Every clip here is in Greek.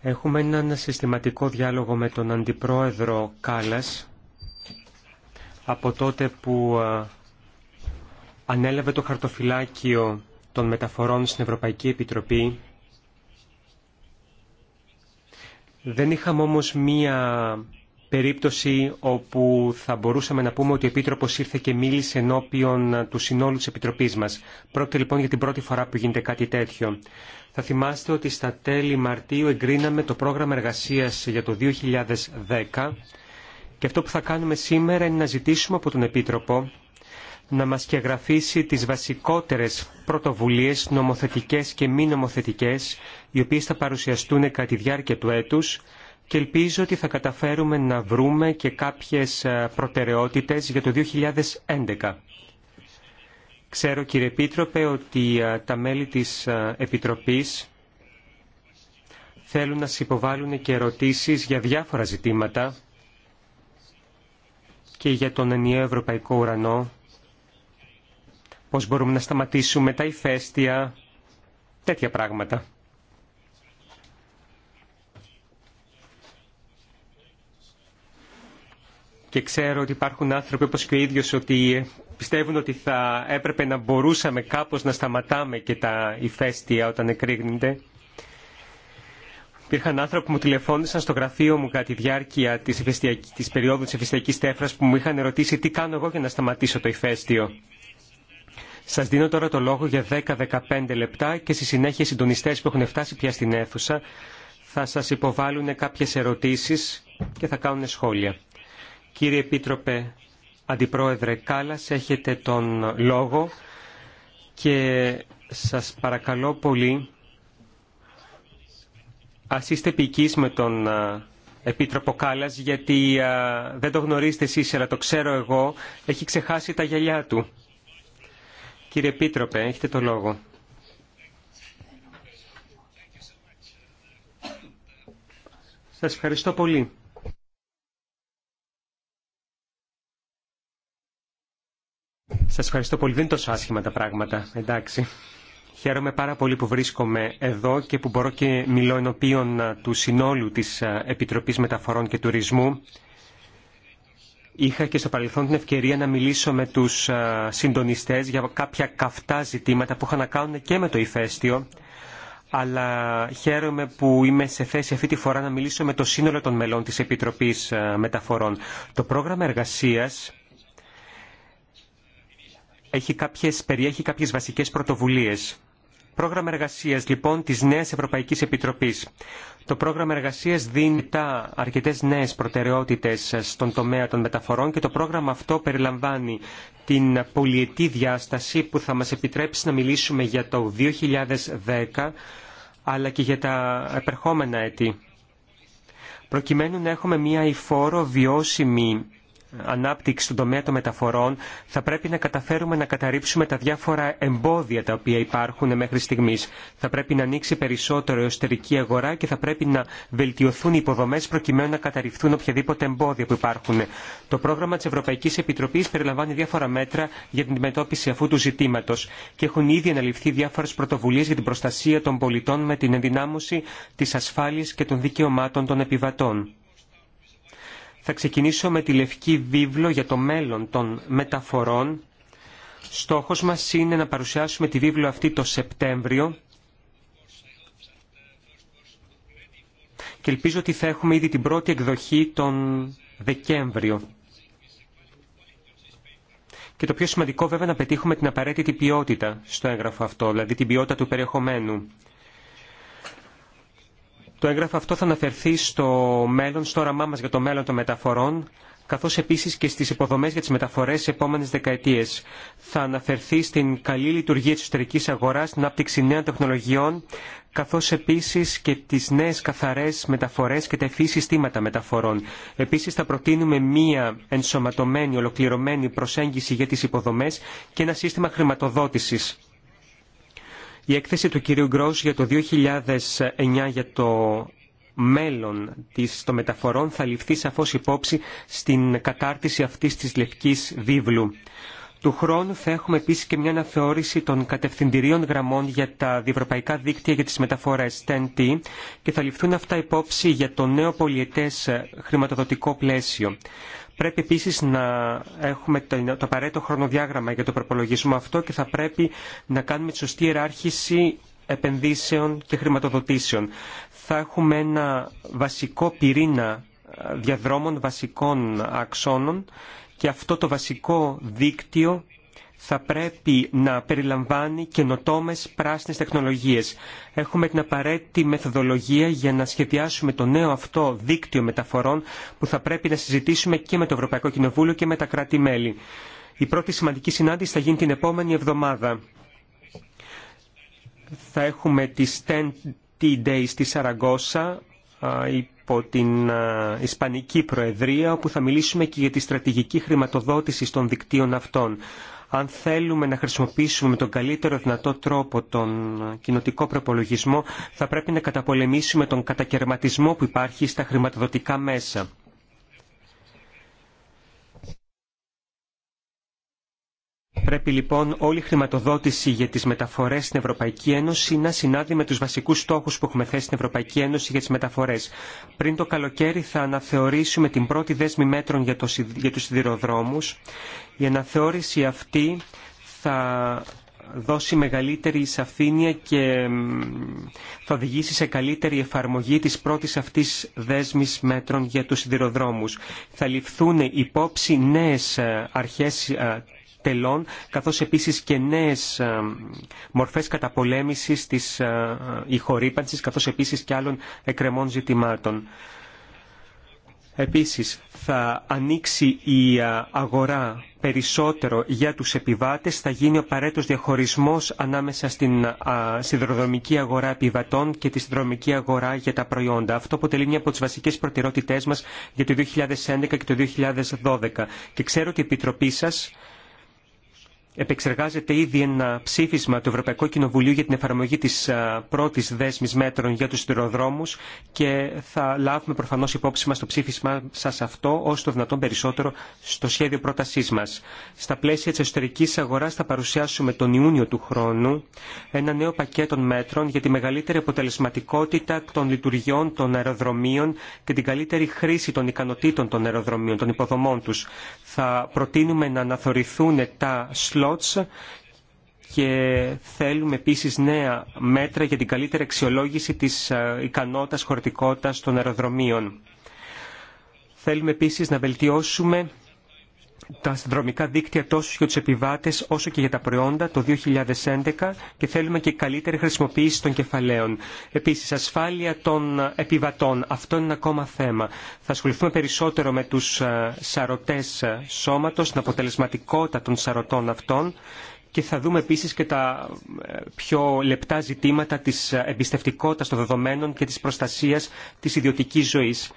Έχουμε έναν συστηματικό διάλογο με τον Αντιπρόεδρο Κάλας από τότε που ε, ανέλαβε το χαρτοφυλάκιο των μεταφορών στην Ευρωπαϊκή Επιτροπή. Δεν είχαμε όμως μία περίπτωση όπου θα μπορούσαμε να πούμε ότι ο Επίτροπος ήρθε και μίλησε ενώπιον του συνόλου της Επιτροπής μας. Πρόκειται λοιπόν για την πρώτη φορά που γίνεται κάτι τέτοιο. Θα θυμάστε ότι στα τέλη Μαρτίου εγκρίναμε το πρόγραμμα εργασίας για το 2010 και αυτό που θα κάνουμε σήμερα είναι να ζητήσουμε από τον Επίτροπο να μας και τις βασικότερες πρωτοβουλίες νομοθετικές και μη νομοθετικές οι οποίες θα παρουσιαστούν κατά τη διάρκεια του έτους και ελπίζω ότι θα καταφέρουμε να βρούμε και κάποιες ε, προτεραιότητες για το 2011. Ξέρω κύριε Επίτροπε ότι ε, τα μέλη της ε, Επιτροπής θέλουν να συμποβάλλουν και ερωτήσεις για διάφορα ζητήματα και για τον ενιαίο ευρωπαϊκό ουρανό, πώς μπορούμε να σταματήσουμε τα ηφαίστεια, τέτοια πράγματα. και ξέρω ότι υπάρχουν άνθρωποι όπως και ο ίδιος ότι πιστεύουν ότι θα έπρεπε να μπορούσαμε κάπως να σταματάμε και τα ηφαίστεια όταν εκρήγνεται. Υπήρχαν άνθρωποι που μου τηλεφώνησαν στο γραφείο μου κατά τη διάρκεια της, της περίοδου της εφηστιακής τέφρας που μου είχαν ερωτήσει τι κάνω εγώ για να σταματήσω το ηφαίστειο. Σας δίνω τώρα το λόγο για 10-15 λεπτά και στη συνέχεια οι συντονιστές που έχουν φτάσει πια στην αίθουσα θα σας υποβάλουν κάποιες ερωτήσεις και θα κάνουν σχόλια. Κύριε Επίτροπε, Αντιπρόεδρε Κάλλας, έχετε τον λόγο και σας παρακαλώ πολύ ας είστε ποικείς με τον Επίτροπο Κάλλας γιατί δεν το γνωρίζετε εσείς αλλά το ξέρω εγώ έχει ξεχάσει τα γυαλιά του. Κύριε Επίτροπε, έχετε το λόγο. Σας ευχαριστώ πολύ. Σας ευχαριστώ πολύ. Δεν είναι τόσο άσχημα τα πράγματα. Εντάξει. Χαίρομαι πάρα πολύ που βρίσκομαι εδώ και που μπορώ και μιλώ ενώπιον ε, του συνόλου της ε, Επιτροπής Μεταφορών και Τουρισμού. Είχα και στο παρελθόν την ευκαιρία να μιλήσω με τους ε, συντονιστές για κάποια καυτά ζητήματα που είχαν να κάνουν και με το ηφαίστειο. Αλλά χαίρομαι που είμαι σε θέση αυτή τη φορά να μιλήσω με το σύνολο των μελών της Επιτροπής Μεταφορών. Το πρόγραμμα εργασίας έχει κάποιες, περιέχει κάποιες βασικές πρωτοβουλίες. Πρόγραμμα εργασίας λοιπόν της Νέας Ευρωπαϊκής Επιτροπής. Το πρόγραμμα εργασίας δίνει τα αρκετές νέες προτεραιότητες στον τομέα των μεταφορών και το πρόγραμμα αυτό περιλαμβάνει την πολιετή διάσταση που θα μας επιτρέψει να μιλήσουμε για το 2010 αλλά και για τα επερχόμενα έτη. Προκειμένου να έχουμε μια υφόρο βιώσιμη ανάπτυξη στον τομέα των μεταφορών θα πρέπει να καταφέρουμε να καταρρύψουμε τα διάφορα εμπόδια τα οποία υπάρχουν μέχρι στιγμή. Θα πρέπει να ανοίξει περισσότερο η εσωτερική αγορά και θα πρέπει να βελτιωθούν οι υποδομές προκειμένου να καταρριφθούν οποιαδήποτε εμπόδια που υπάρχουν. Το πρόγραμμα τη Ευρωπαϊκή Επιτροπή περιλαμβάνει διάφορα μέτρα για την αντιμετώπιση αυτού του ζητήματο και έχουν ήδη αναλυφθεί διάφορε πρωτοβουλίε για την προστασία των πολιτών με την ενδυνάμωση τη ασφάλεια και των δικαιωμάτων των επιβατών. Θα ξεκινήσω με τη Λευκή Βίβλο για το μέλλον των μεταφορών. Στόχος μας είναι να παρουσιάσουμε τη βίβλο αυτή το Σεπτέμβριο και ελπίζω ότι θα έχουμε ήδη την πρώτη εκδοχή τον Δεκέμβριο. Και το πιο σημαντικό βέβαια να πετύχουμε την απαραίτητη ποιότητα στο έγγραφο αυτό, δηλαδή την ποιότητα του περιεχομένου. Το έγγραφο αυτό θα αναφερθεί στο μέλλον, στο όραμά μα για το μέλλον των μεταφορών, καθώ επίση και στι υποδομέ για τι μεταφορέ σε επόμενε δεκαετίε. Θα αναφερθεί στην καλή λειτουργία τη εσωτερικής αγορά, στην άπτυξη νέων τεχνολογιών, καθώ επίση και τι νέε καθαρέ μεταφορέ και τα ευφύ συστήματα μεταφορών. Επίση, θα προτείνουμε μία ενσωματωμένη, ολοκληρωμένη προσέγγιση για τι υποδομέ και ένα σύστημα χρηματοδότηση. Η έκθεση του κυρίου Γκρός για το 2009 για το μέλλον της, των μεταφορών θα ληφθεί σαφώς υπόψη στην κατάρτιση αυτής της λευκής βίβλου. Του χρόνου θα έχουμε επίσης και μια αναθεώρηση των κατευθυντηρίων γραμμών για τα διευρωπαϊκά δίκτυα για τις μεταφορές t και θα ληφθούν αυτά υπόψη για το νέο πολιετές ε, χρηματοδοτικό πλαίσιο. Πρέπει επίσης να έχουμε το απαραίτητο χρονοδιάγραμμα για το προπολογισμό αυτό και θα πρέπει να κάνουμε τη σωστή ιεράρχηση επενδύσεων και χρηματοδοτήσεων. Θα έχουμε ένα βασικό πυρήνα ε, διαδρόμων βασικών αξώνων και αυτό το βασικό δίκτυο θα πρέπει να περιλαμβάνει καινοτόμε πράσινε τεχνολογίε. Έχουμε την απαραίτητη μεθοδολογία για να σχεδιάσουμε το νέο αυτό δίκτυο μεταφορών που θα πρέπει να συζητήσουμε και με το Ευρωπαϊκό Κοινοβούλιο και με τα κράτη-μέλη. Η πρώτη σημαντική συνάντηση θα γίνει την επόμενη εβδομάδα. Θα έχουμε τις 10 T-Days στη Σαραγκώσα. Η από την Ισπανική Προεδρία, όπου θα μιλήσουμε και για τη στρατηγική χρηματοδότηση των δικτύων αυτών. Αν θέλουμε να χρησιμοποιήσουμε με τον καλύτερο δυνατό τρόπο τον κοινοτικό προπολογισμό, θα πρέπει να καταπολεμήσουμε τον κατακαιρματισμό που υπάρχει στα χρηματοδοτικά μέσα. Πρέπει λοιπόν όλη η χρηματοδότηση για τι μεταφορέ στην Ευρωπαϊκή Ένωση να συνάδει με του βασικού στόχου που έχουμε θέσει στην Ευρωπαϊκή Ένωση για τι μεταφορέ. Πριν το καλοκαίρι θα αναθεωρήσουμε την πρώτη δέσμη μέτρων για, το, για τους σιδηροδρόμους. Η αναθεώρηση αυτή θα δώσει μεγαλύτερη σαφήνεια και θα οδηγήσει σε καλύτερη εφαρμογή της πρώτης αυτής δέσμης μέτρων για τους σιδηροδρόμους. Θα ληφθούν υπόψη νέες ε, αρχές ε, τελών, καθώς επίσης και νέες ε, μορφές καταπολέμησης της ε, ε, ηχορύπανσης, καθώς επίσης και άλλων εκκρεμών ζητημάτων. Επίσης, θα ανοίξει η αγορά περισσότερο για τους επιβάτες, θα γίνει ο παρέτος διαχωρισμός ανάμεσα στην συνδρομική αγορά επιβατών και τη συνδρομική αγορά για τα προϊόντα. Αυτό αποτελεί μια από τις βασικές προτεραιότητές μας για το 2011 και το 2012. Και ξέρω ότι η Επιτροπή σας επεξεργάζεται ήδη ένα ψήφισμα του Ευρωπαϊκού Κοινοβουλίου για την εφαρμογή της πρώτης δέσμης μέτρων για τους σιδηροδρόμους και θα λάβουμε προφανώς υπόψη μας το ψήφισμα σας αυτό όσο το δυνατόν περισσότερο στο σχέδιο πρότασής μας. Στα πλαίσια της εσωτερικής αγοράς θα παρουσιάσουμε τον Ιούνιο του χρόνου ένα νέο πακέτο μέτρων για τη μεγαλύτερη αποτελεσματικότητα των λειτουργιών των αεροδρομίων και την καλύτερη χρήση των ικανοτήτων των αεροδρομίων, των υποδομών τους. Θα προτείνουμε να αναθωρηθούν τα και θέλουμε επίσης νέα μέτρα για την καλύτερη αξιολόγηση της ε, ικανότητας χωρητικότητας των αεροδρομίων. Θέλουμε επίσης να βελτιώσουμε τα συνδρομικά δίκτυα τόσο για τους επιβάτες όσο και για τα προϊόντα το 2011 και θέλουμε και καλύτερη χρησιμοποίηση των κεφαλαίων. Επίσης, ασφάλεια των επιβατών. Αυτό είναι ένα ακόμα θέμα. Θα ασχοληθούμε περισσότερο με τους ε, σαρωτές ε, σώματος, την αποτελεσματικότητα των σαρωτών αυτών και θα δούμε επίσης και τα ε, πιο λεπτά ζητήματα της εμπιστευτικότητας των δεδομένων και της προστασίας της ιδιωτικής ζωής.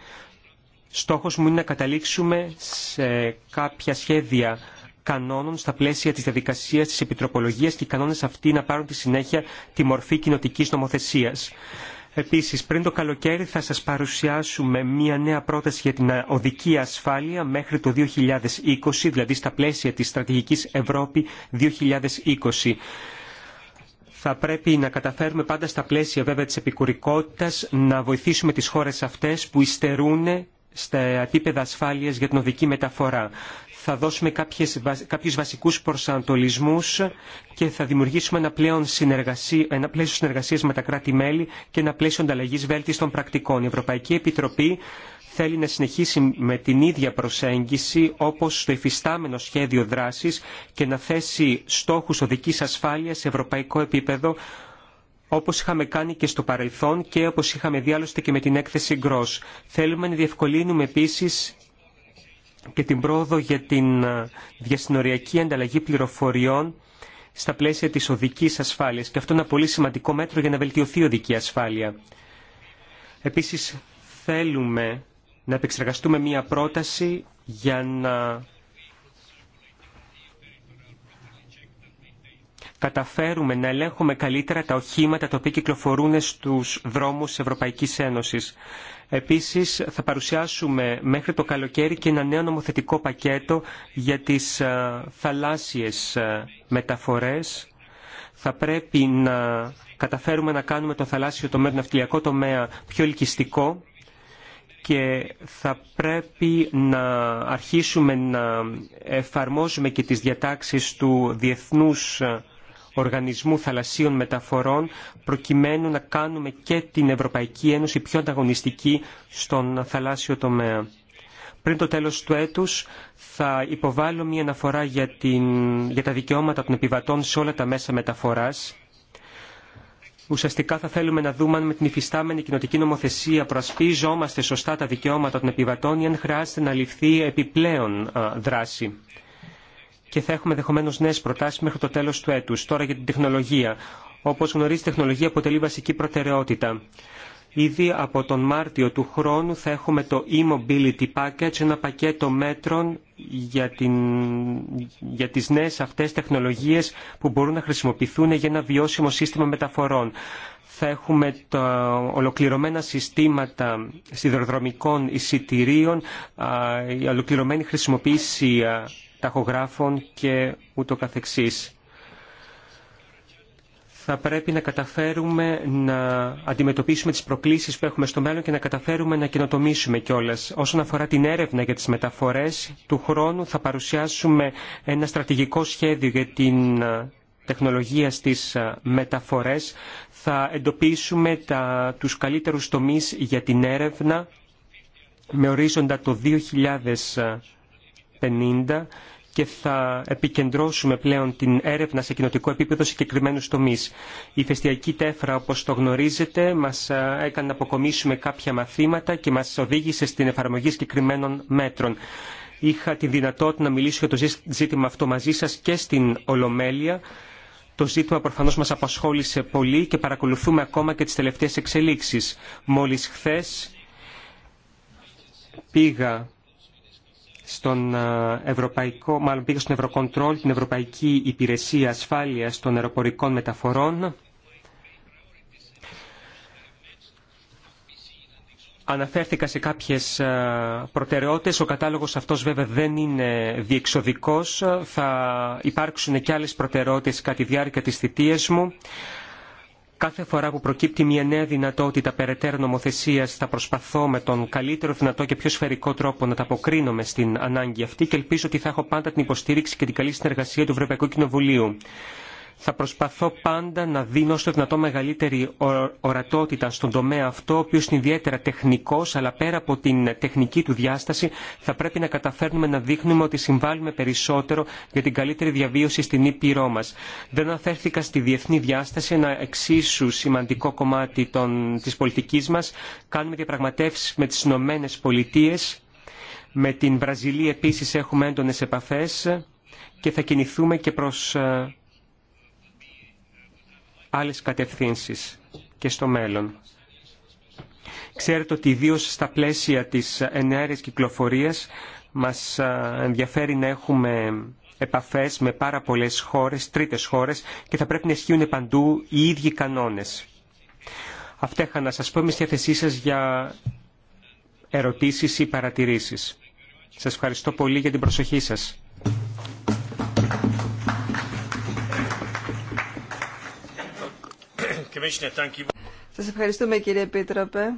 Στόχος μου είναι να καταλήξουμε σε κάποια σχέδια κανόνων στα πλαίσια της διαδικασίας της επιτροπολογίας και οι κανόνες αυτοί να πάρουν τη συνέχεια τη μορφή κοινοτική νομοθεσίας. Επίσης, πριν το καλοκαίρι θα σας παρουσιάσουμε μία νέα πρόταση για την οδική ασφάλεια μέχρι το 2020, δηλαδή στα πλαίσια της στρατηγικής Ευρώπη 2020 θα πρέπει να καταφέρουμε πάντα στα πλαίσια βέβαια της επικουρικότητας να βοηθήσουμε τις χώρες αυτές που υστερούν στα επίπεδα ασφάλειας για την οδική μεταφορά. Θα δώσουμε κάποιες, κάποιους βασικούς προσανατολισμούς και θα δημιουργήσουμε ένα, πλέον ένα πλαίσιο συνεργασίας με τα κράτη-μέλη και ένα πλαίσιο ανταλλαγής βέλτιστων πρακτικών. Η Ευρωπαϊκή Επιτροπή θέλει να συνεχίσει με την ίδια προσέγγιση όπως το εφιστάμενο σχέδιο δράσης και να θέσει στόχους οδικής ασφάλειας σε ευρωπαϊκό επίπεδο όπως είχαμε κάνει και στο παρελθόν και όπως είχαμε δει άλλωστε και με την έκθεση Gross. Θέλουμε να διευκολύνουμε επίσης και την πρόοδο για την ε, διασυνοριακή ανταλλαγή πληροφοριών στα πλαίσια της οδικής ασφάλειας και αυτό είναι ένα πολύ σημαντικό μέτρο για να βελτιωθεί η οδική ασφάλεια. Επίσης θέλουμε να επεξεργαστούμε μία πρόταση για να καταφέρουμε να ελέγχουμε καλύτερα τα οχήματα τα οποία κυκλοφορούν στους δρόμους της Ευρωπαϊκής Ένωσης. Επίσης θα παρουσιάσουμε μέχρι το καλοκαίρι και ένα νέο νομοθετικό πακέτο για τις ε, θαλάσσιες ε, μεταφορές. Θα πρέπει να καταφέρουμε να κάνουμε το θαλάσσιο τομέα, το ναυτιλιακό τομέα πιο ελκυστικό και θα πρέπει να αρχίσουμε να εφαρμόζουμε και τις διατάξεις του Διεθνούς ε, Οργανισμού Θαλασσίων Μεταφορών προκειμένου να κάνουμε και την Ευρωπαϊκή Ένωση πιο ανταγωνιστική στον θαλάσσιο τομέα. Πριν το τέλος του έτους θα υποβάλω μια αναφορά για, την, τα δικαιώματα των επιβατών σε όλα τα μέσα μεταφοράς. Ουσιαστικά θα θέλουμε να δούμε αν με την υφιστάμενη κοινοτική νομοθεσία προασπίζομαστε σωστά τα δικαιώματα των επιβατών ή αν χρειάζεται να ληφθεί επιπλέον δράση και θα έχουμε ενδεχομένω νέε προτάσει μέχρι το τέλο του έτου. Τώρα για την τεχνολογία. Όπω γνωρίζετε, η τεχνολογία αποτελεί βασική προτεραιότητα. Ήδη από τον Μάρτιο του χρόνου θα έχουμε το e-mobility package, ένα πακέτο μέτρων για, την, για τις νέες αυτές τεχνολογίες που μπορούν να χρησιμοποιηθούν για ένα βιώσιμο σύστημα μεταφορών. Θα έχουμε τα ολοκληρωμένα συστήματα σιδηροδρομικών εισιτηρίων, η ολοκληρωμένη χρησιμοποίηση ταχογράφων και ούτω καθεξής. Θα πρέπει να καταφέρουμε να αντιμετωπίσουμε τις προκλήσεις που έχουμε στο μέλλον και να καταφέρουμε να καινοτομήσουμε κιόλα. Όσον αφορά την έρευνα για τις μεταφορές, του χρόνου θα παρουσιάσουμε ένα στρατηγικό σχέδιο για την ε, τεχνολογία στις ε, μεταφορές. Θα εντοπίσουμε τα, τους καλύτερους τομείς για την έρευνα με ορίζοντα το 2000 50 και θα επικεντρώσουμε πλέον την έρευνα σε κοινοτικό επίπεδο σε συγκεκριμένου τομεί. Η φεστιακή τέφρα, όπω το γνωρίζετε, μα έκανε να αποκομίσουμε κάποια μαθήματα και μα οδήγησε στην εφαρμογή συγκεκριμένων μέτρων. Είχα τη δυνατότητα να μιλήσω για το ζήτημα αυτό μαζί σα και στην Ολομέλεια. Το ζήτημα προφανώς μας απασχόλησε πολύ και παρακολουθούμε ακόμα και τις τελευταίες εξελίξεις. Μόλις χθες πήγα στον ε, Ευρωπαϊκό, μάλλον πήγα στον Ευρωκοντρόλ, την Ευρωπαϊκή Υπηρεσία Ασφάλειας των Αεροπορικών Μεταφορών. Αναφέρθηκα σε κάποιες ε, προτεραιότητες. Ο κατάλογος αυτός βέβαια δεν είναι διεξοδικός. Θα υπάρξουν και άλλες προτεραιότητες κατά τη διάρκεια της θητείας μου κάθε φορά που προκύπτει μια νέα δυνατότητα περαιτέρω νομοθεσία θα προσπαθώ με τον καλύτερο δυνατό και πιο σφαιρικό τρόπο να τα αποκρίνομαι στην ανάγκη αυτή και ελπίζω ότι θα έχω πάντα την υποστήριξη και την καλή συνεργασία του Ευρωπαϊκού Κοινοβουλίου. Θα προσπαθώ πάντα να δίνω στο δυνατό μεγαλύτερη ορατότητα στον τομέα αυτό, ο οποίος είναι ιδιαίτερα τεχνικός, αλλά πέρα από την τεχνική του διάσταση θα πρέπει να καταφέρνουμε να δείχνουμε ότι συμβάλλουμε περισσότερο για την καλύτερη διαβίωση στην Ήπειρό μας. Δεν αναφέρθηκα στη διεθνή διάσταση, ένα εξίσου σημαντικό κομμάτι τη της πολιτικής μας. Κάνουμε διαπραγματεύσεις με τις Ηνωμένε Πολιτείε, με την Βραζιλία επίσης έχουμε έντονε επαφές και θα κινηθούμε και προς ε, άλλες κατευθύνσεις και στο μέλλον. Ξέρετε ότι ιδίω στα πλαίσια της ενέργειας κυκλοφορίας μας ενδιαφέρει να έχουμε επαφές με πάρα πολλές χώρες, τρίτες χώρες και θα πρέπει να ισχύουν παντού οι ίδιοι κανόνες. Αυτά είχα να σας πω, με στη θέση για ερωτήσεις ή παρατηρήσεις. Σας ευχαριστώ πολύ για την προσοχή σας. Σας ευχαριστούμε κύριε Επίτροπε.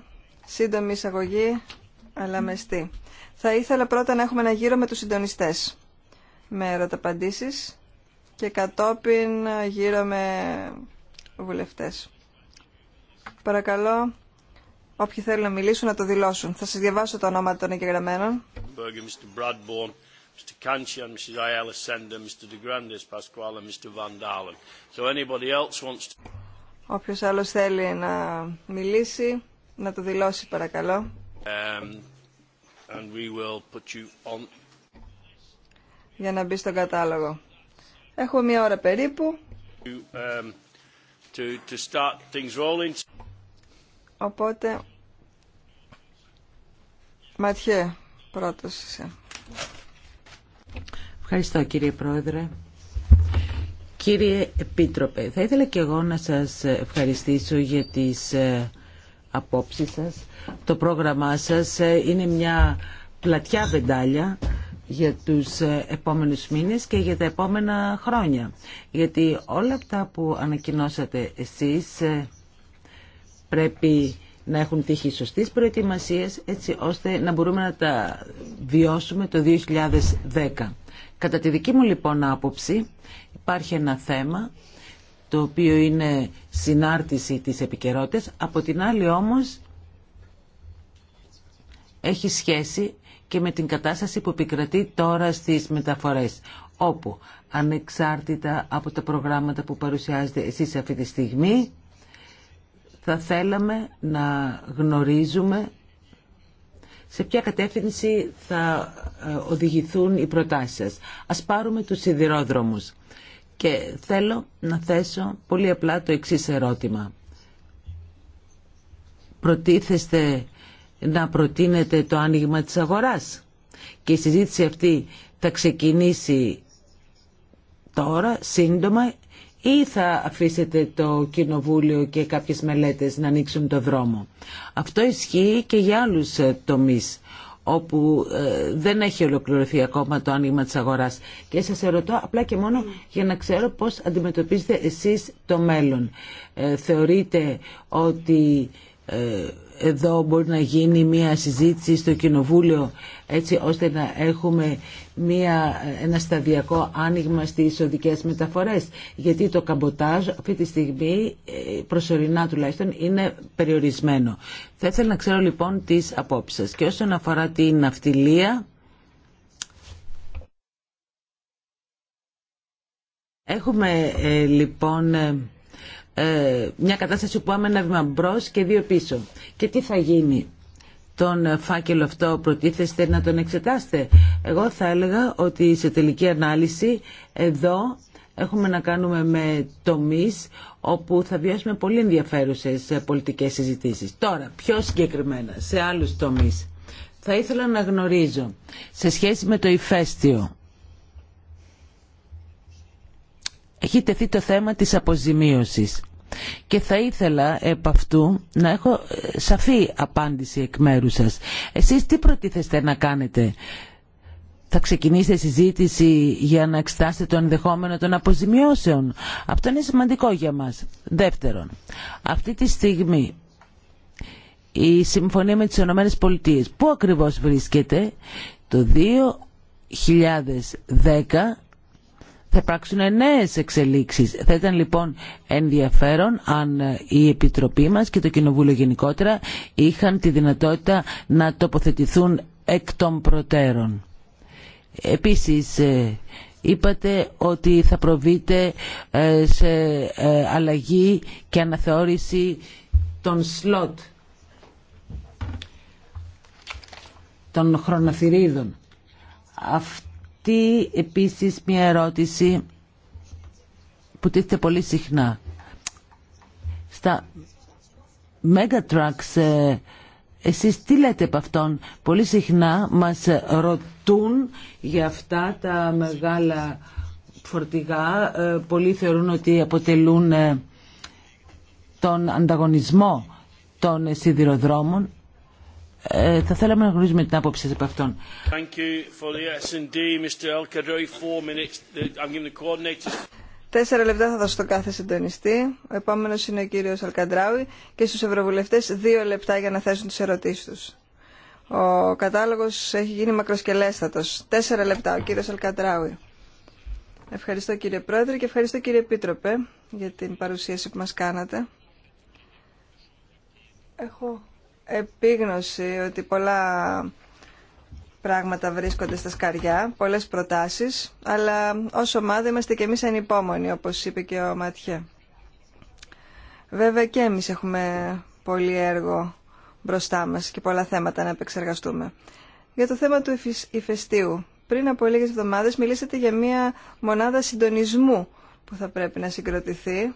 Σύντομη εισαγωγή, αλλά μεστή. Θα ήθελα πρώτα να έχουμε ένα γύρο με τους συντονιστές. Με ερωταπαντήσεις και κατόπιν γύρω με βουλευτές. Παρακαλώ, όποιοι θέλουν να μιλήσουν να το δηλώσουν. Θα σας διαβάσω το ονόματα των εγγεγραμμένων. Mr. Mrs. Mr. De Pasquale, Mr. So anybody else wants Όποιος άλλος θέλει να μιλήσει, να το δηλώσει παρακαλώ. Um, Για να μπει στον κατάλογο. Έχω μία ώρα περίπου. Um, Οπότε, Ματιέ, πρώτος είσαι. Ευχαριστώ κύριε Πρόεδρε. Κύριε Επίτροπε, θα ήθελα και εγώ να σας ευχαριστήσω για τις ε, απόψεις σας. Το πρόγραμμά σας ε, είναι μια πλατιά βεντάλια για τους ε, επόμενους μήνες και για τα επόμενα χρόνια. Γιατί όλα αυτά που ανακοινώσατε εσείς πρέπει να έχουν τύχει σωστής προετοιμασίας έτσι ώστε να μπορούμε να τα βιώσουμε το 2010. Κατά τη δική μου λοιπόν άποψη υπάρχει ένα θέμα το οποίο είναι συνάρτηση της επικαιρότητα, από την άλλη όμως έχει σχέση και με την κατάσταση που επικρατεί τώρα στις μεταφορές, όπου ανεξάρτητα από τα προγράμματα που παρουσιάζετε εσείς αυτή τη στιγμή, θα θέλαμε να γνωρίζουμε σε ποια κατεύθυνση θα ε, οδηγηθούν οι προτάσεις σας. Ας πάρουμε τους σιδηρόδρομους. Και θέλω να θέσω πολύ απλά το εξής ερώτημα. Προτίθεστε να προτείνετε το άνοιγμα της αγοράς. Και η συζήτηση αυτή θα ξεκινήσει τώρα, σύντομα, ή θα αφήσετε το Κοινοβούλιο και κάποιες μελέτες να ανοίξουν το δρόμο. Αυτό ισχύει και για άλλους ε, τομείς όπου ε, δεν έχει ολοκληρωθεί ακόμα το άνοιγμα της αγοράς. Και σας ερωτώ απλά και μόνο για να ξέρω πώς αντιμετωπίζετε εσείς το μέλλον. Ε, θεωρείτε ότι εδώ μπορεί να γίνει μια συζήτηση στο Κοινοβούλιο έτσι ώστε να έχουμε μια, ένα σταδιακό άνοιγμα στις οδικές μεταφορές γιατί το καμποτάζ αυτή τη στιγμή ε, προσωρινά τουλάχιστον είναι περιορισμένο. Θα ήθελα να ξέρω λοιπόν τις απόψεις σας. και όσον αφορά την ναυτιλία έχουμε ε, λοιπόν ε, ε, μια κατάσταση που πάμε ένα βήμα μπρο και δύο πίσω. Και τι θα γίνει. Τον φάκελο αυτό προτίθεστε να τον εξετάσετε. Εγώ θα έλεγα ότι σε τελική ανάλυση εδώ έχουμε να κάνουμε με τομείς όπου θα βιώσουμε πολύ ενδιαφέρουσες πολιτικές συζητήσεις. Τώρα, πιο συγκεκριμένα, σε άλλους τομείς. Θα ήθελα να γνωρίζω, σε σχέση με το ηφαίστειο, έχει τεθεί το θέμα της αποζημίωσης και θα ήθελα επ' αυτού να έχω ε, σαφή απάντηση εκ μέρου σας. Εσείς τι προτίθεστε να κάνετε. Θα ξεκινήσετε συζήτηση για να εξτάσετε το ενδεχόμενο των αποζημιώσεων. Αυτό είναι σημαντικό για μας. Δεύτερον, αυτή τη στιγμή η συμφωνία με τις ΗΠΑ πού ακριβώς βρίσκεται, το 2010 θα υπάρξουν νέε εξελίξεις. Θα ήταν λοιπόν ενδιαφέρον αν ε, η Επιτροπή μας και το Κοινοβούλιο γενικότερα είχαν τη δυνατότητα να τοποθετηθούν εκ των προτέρων. Επίσης, ε, είπατε ότι θα προβείτε ε, σε αλλαγή και αναθεώρηση των σλότ, των χρονοθυρίδων. Αυτό τι επίσης μια ερώτηση που τίθεται πολύ συχνά. Στα μεγατράξ, εσείς τι λέτε από αυτόν. Πολύ συχνά μας ρωτούν για αυτά τα μεγάλα φορτηγά. Ε, πολλοί θεωρούν ότι αποτελούν ε, τον ανταγωνισμό των σιδηροδρόμων. Ε, θα θέλαμε να γνωρίζουμε την άποψη σας από αυτόν. Τέσσερα λεπτά θα δώσω στον κάθε συντονιστή. Ο επόμενο είναι ο κύριο Αλκαντράουι και στου ευρωβουλευτέ δύο λεπτά για να θέσουν τι ερωτήσει του. Ο κατάλογο έχει γίνει μακροσκελέστατο. Τέσσερα λεπτά, ο κύριο Αλκαντράουι. Ευχαριστώ κύριε Πρόεδρε και ευχαριστώ κύριε Επίτροπε για την παρουσίαση που μα κάνατε. Έχω επίγνωση ότι πολλά πράγματα βρίσκονται στα σκαριά, πολλές προτάσεις, αλλά ως ομάδα είμαστε και εμείς ανυπόμονοι, όπως είπε και ο Ματιέ. Βέβαια και εμείς έχουμε πολύ έργο μπροστά μας και πολλά θέματα να επεξεργαστούμε. Για το θέμα του ηφαιστείου, πριν από λίγες εβδομάδες μιλήσατε για μια μονάδα συντονισμού που θα πρέπει να συγκροτηθεί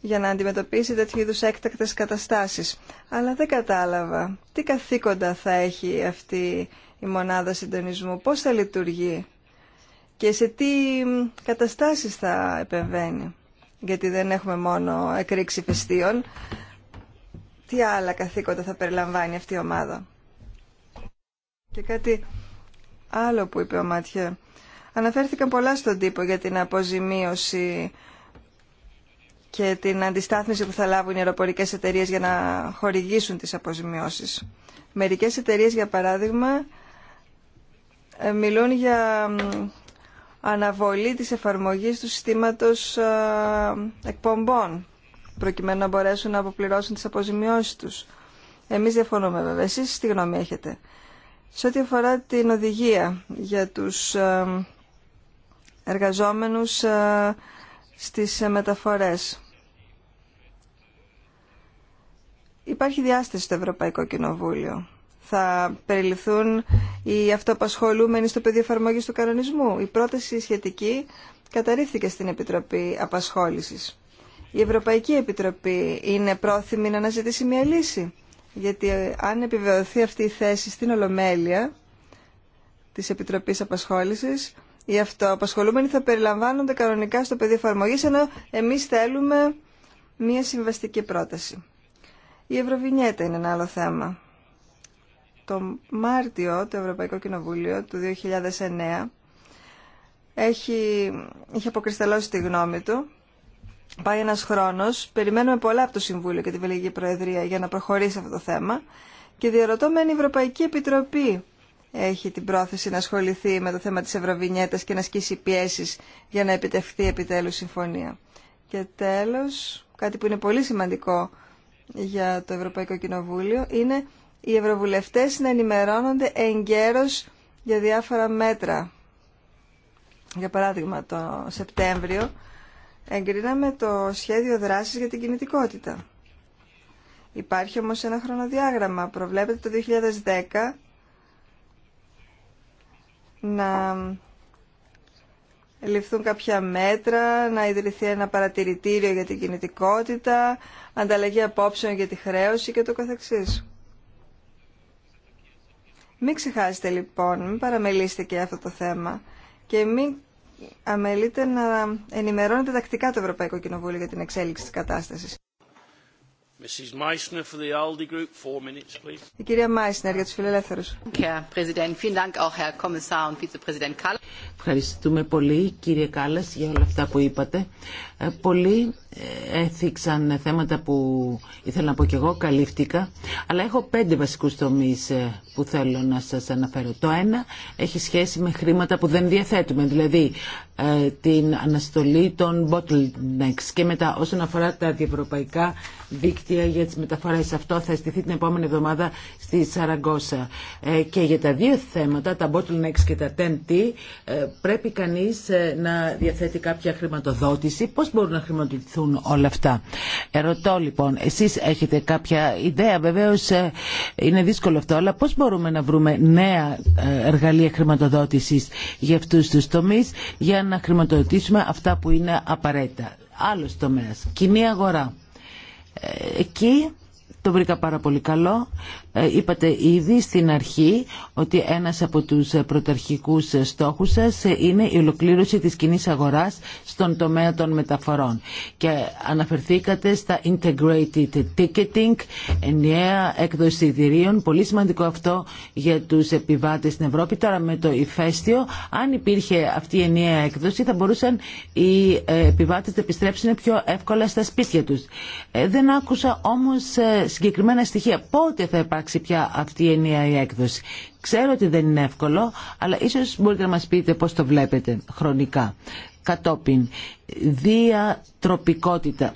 για να αντιμετωπίσει τέτοιου είδου έκτακτες καταστάσεις. Αλλά δεν κατάλαβα τι καθήκοντα θα έχει αυτή η μονάδα συντονισμού, Πώ θα λειτουργεί και σε τι καταστάσεις θα επεμβαίνει. Γιατί δεν έχουμε μόνο εκρήξη φεστίων. Τι άλλα καθήκοντα θα περιλαμβάνει αυτή η ομάδα. Και κάτι άλλο που είπε ο Μάτια. Αναφέρθηκαν πολλά στον τύπο για την αποζημίωση και την αντιστάθμιση που θα λάβουν οι αεροπορικές εταιρείε για να χορηγήσουν τις αποζημιώσεις. Μερικές εταιρείε, για παράδειγμα, ε, μιλούν για αναβολή της εφαρμογής του συστήματος ε, εκπομπών προκειμένου να μπορέσουν να αποπληρώσουν τις αποζημιώσεις τους. Εμείς διαφωνούμε βέβαια. Εσείς τι γνώμη έχετε. Σε ό,τι αφορά την οδηγία για τους ε, εργαζόμενους στις ε, μεταφορές. Υπάρχει διάσταση στο Ευρωπαϊκό Κοινοβούλιο. Θα περιληφθούν οι αυτοαπασχολούμενοι στο πεδίο εφαρμογή του κανονισμού. Η πρόταση σχετική καταρρίφθηκε στην Επιτροπή Απασχόλησης. Η Ευρωπαϊκή Επιτροπή είναι πρόθυμη να αναζητήσει μια λύση. Γιατί ε, αν επιβεβαιωθεί αυτή η θέση στην Ολομέλεια της Επιτροπής Απασχόλησης, οι αυτοαπασχολούμενοι θα περιλαμβάνονται κανονικά στο πεδίο εφαρμογή, ενώ εμεί θέλουμε μία συμβαστική πρόταση. Η Ευρωβινιέτα είναι ένα άλλο θέμα. Το Μάρτιο, το Ευρωπαϊκό Κοινοβούλιο του 2009, έχει, είχε αποκρισταλώσει τη γνώμη του. Πάει ένας χρόνος, περιμένουμε πολλά από το Συμβούλιο και τη Βελγική Προεδρία για να προχωρήσει αυτό το θέμα και διαρωτώ με η Ευρωπαϊκή Επιτροπή έχει την πρόθεση να ασχοληθεί με το θέμα της Ευρωβινιέτας και να ασκήσει πιέσεις για να επιτευχθεί επιτέλους συμφωνία. Και τέλος, κάτι που είναι πολύ σημαντικό για το Ευρωπαϊκό Κοινοβούλιο είναι οι ευρωβουλευτές να ενημερώνονται εγκαίρως για διάφορα μέτρα. Για παράδειγμα, το Σεπτέμβριο εγκρίναμε το σχέδιο δράσης για την κινητικότητα. Υπάρχει όμως ένα χρονοδιάγραμμα. Προβλέπεται το 2010 να ληφθούν κάποια μέτρα, να ιδρυθεί ένα παρατηρητήριο για την κινητικότητα, ανταλλαγή απόψεων για τη χρέωση και το καθεξής. Μην ξεχάσετε λοιπόν, μην παραμελήσετε και αυτό το θέμα και μην αμελείτε να ενημερώνετε τακτικά το Ευρωπαϊκό Κοινοβούλιο για την εξέλιξη της κατάστασης κυρία Μάισνερ για Ευχαριστούμε πολύ κύριε Κάλλας για όλα αυτά που είπατε. Ε, πολύ έθιξαν θέματα που ήθελα να πω και εγώ, καλύφτηκα. Αλλά έχω πέντε βασικούς τομείς ε, που θέλω να σας αναφέρω. Το ένα έχει σχέση με χρήματα που δεν διαθέτουμε, δηλαδή ε, την αναστολή των bottlenecks και μετά όσον αφορά τα διευρωπαϊκά δίκτυα για τις μεταφορές. Αυτό θα αισθηθεί την επόμενη εβδομάδα στη Σαραγκώσα. Ε, και για τα δύο θέματα, τα bottlenecks και τα TEN ε, πρέπει κανείς να διαθέτει κάποια χρηματοδότηση. Πώς μπορούν να χρηματοδοτηθούν όλα αυτά. Ερωτώ λοιπόν, εσείς έχετε κάποια ιδέα, βεβαίως ε, είναι δύσκολο αυτό, αλλά πώς μπορούμε να βρούμε νέα ε, εργαλεία χρηματοδότησης για αυτούς τους τομείς για να χρηματοδοτήσουμε αυτά που είναι απαραίτητα. Άλλο τομέα. κοινή αγορά. Ε, εκεί το βρήκα πάρα πολύ καλό. Ε, είπατε ήδη στην αρχή ότι ένας από τους πρωταρχικούς στόχους σας είναι η ολοκλήρωση της κοινή αγοράς στον τομέα των μεταφορών. Και αναφερθήκατε στα integrated ticketing, ενιαία έκδοση ειδηρίων, πολύ σημαντικό αυτό για τους επιβάτες στην Ευρώπη. Τώρα με το ηφαίστειο, αν υπήρχε αυτή η ενιαία έκδοση θα μπορούσαν οι ε, επιβάτες να επιστρέψουν πιο εύκολα στα σπίτια τους. Ε, δεν άκουσα όμως συγκεκριμένα στοιχεία. Πότε θα υπάρξει πια αυτή η ενιαία έκδοση. Ξέρω ότι δεν είναι εύκολο, αλλά ίσως μπορείτε να μας πείτε πώς το βλέπετε χρονικά. Κατόπιν, διατροπικότητα.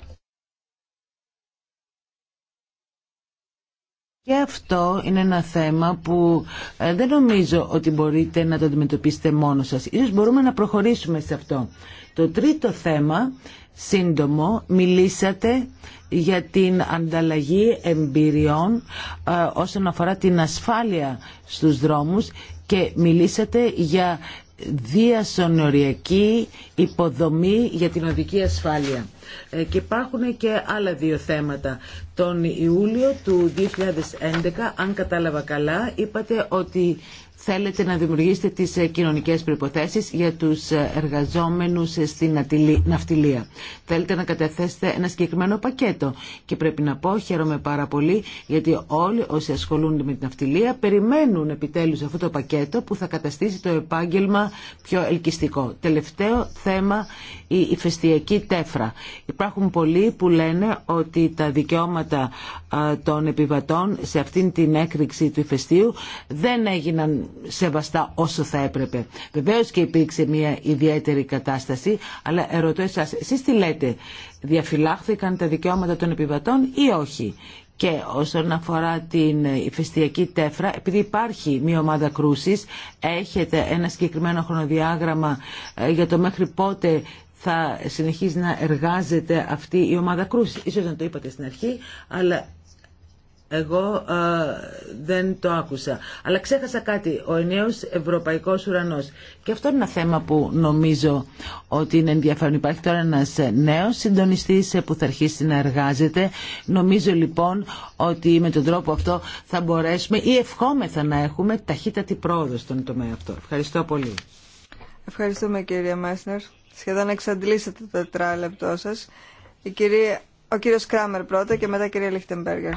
Και αυτό είναι ένα θέμα που ε, δεν νομίζω ότι μπορείτε να το αντιμετωπίσετε μόνο σας. Ίσως μπορούμε να προχωρήσουμε σε αυτό. Το τρίτο θέμα σύντομο μιλήσατε για την ανταλλαγή εμπειριών ε, όσον αφορά την ασφάλεια στους δρόμους και μιλήσατε για διασωνοριακή υποδομή για την οδική ασφάλεια. Ε, και υπάρχουν και άλλα δύο θέματα. Τον Ιούλιο του 2011, αν κατάλαβα καλά, είπατε ότι θέλετε να δημιουργήσετε τις ε, κοινωνικές προϋποθέσεις για τους ε, εργαζόμενους ε, στην ναυτιλία. Θέλετε να κατεθέσετε ένα συγκεκριμένο πακέτο και πρέπει να πω χαίρομαι πάρα πολύ γιατί όλοι όσοι ασχολούνται με την ναυτιλία περιμένουν επιτέλους αυτό το πακέτο που θα καταστήσει το επάγγελμα πιο ελκυστικό. Τελευταίο θέμα η ηφαιστειακή τέφρα. Υπάρχουν πολλοί που λένε ότι τα δικαιώματα των επιβατών σε αυτήν την έκρηξη του ηφαιστείου δεν έγιναν σεβαστά όσο θα έπρεπε. Βεβαίω και υπήρξε μια ιδιαίτερη κατάσταση, αλλά ερωτώ εσά, εσεί τι λέτε, διαφυλάχθηκαν τα δικαιώματα των επιβατών ή όχι. Και όσον αφορά την ηφαιστειακή τέφρα, επειδή υπάρχει μια ομάδα κρούση, έχετε ένα συγκεκριμένο χρονοδιάγραμμα ε, για το μέχρι πότε θα συνεχίζει να εργάζεται αυτή η ομάδα κρούσης. Ίσως να το είπατε στην αρχή, αλλά εγώ ε, δεν το άκουσα. Αλλά ξέχασα κάτι. Ο νέος ευρωπαϊκός ουρανός. Και αυτό είναι ένα θέμα που νομίζω ότι είναι ενδιαφέρον. Υπάρχει τώρα ένας ε, νέος συντονιστής ε, που θα αρχίσει να εργάζεται. Νομίζω λοιπόν ότι με τον τρόπο αυτό θα μπορέσουμε ή ευχόμεθα να έχουμε ταχύτατη πρόοδο στον τομέα αυτό. Ευχαριστώ πολύ. Ευχαριστούμε κύριε Μέσνερ. Σχεδόν εξαντλήσατε το τετράλεπτό σας. κυρία... Ο κύριος Κράμερ πρώτα και μετά κυρία Λιχτεμπέργκερ.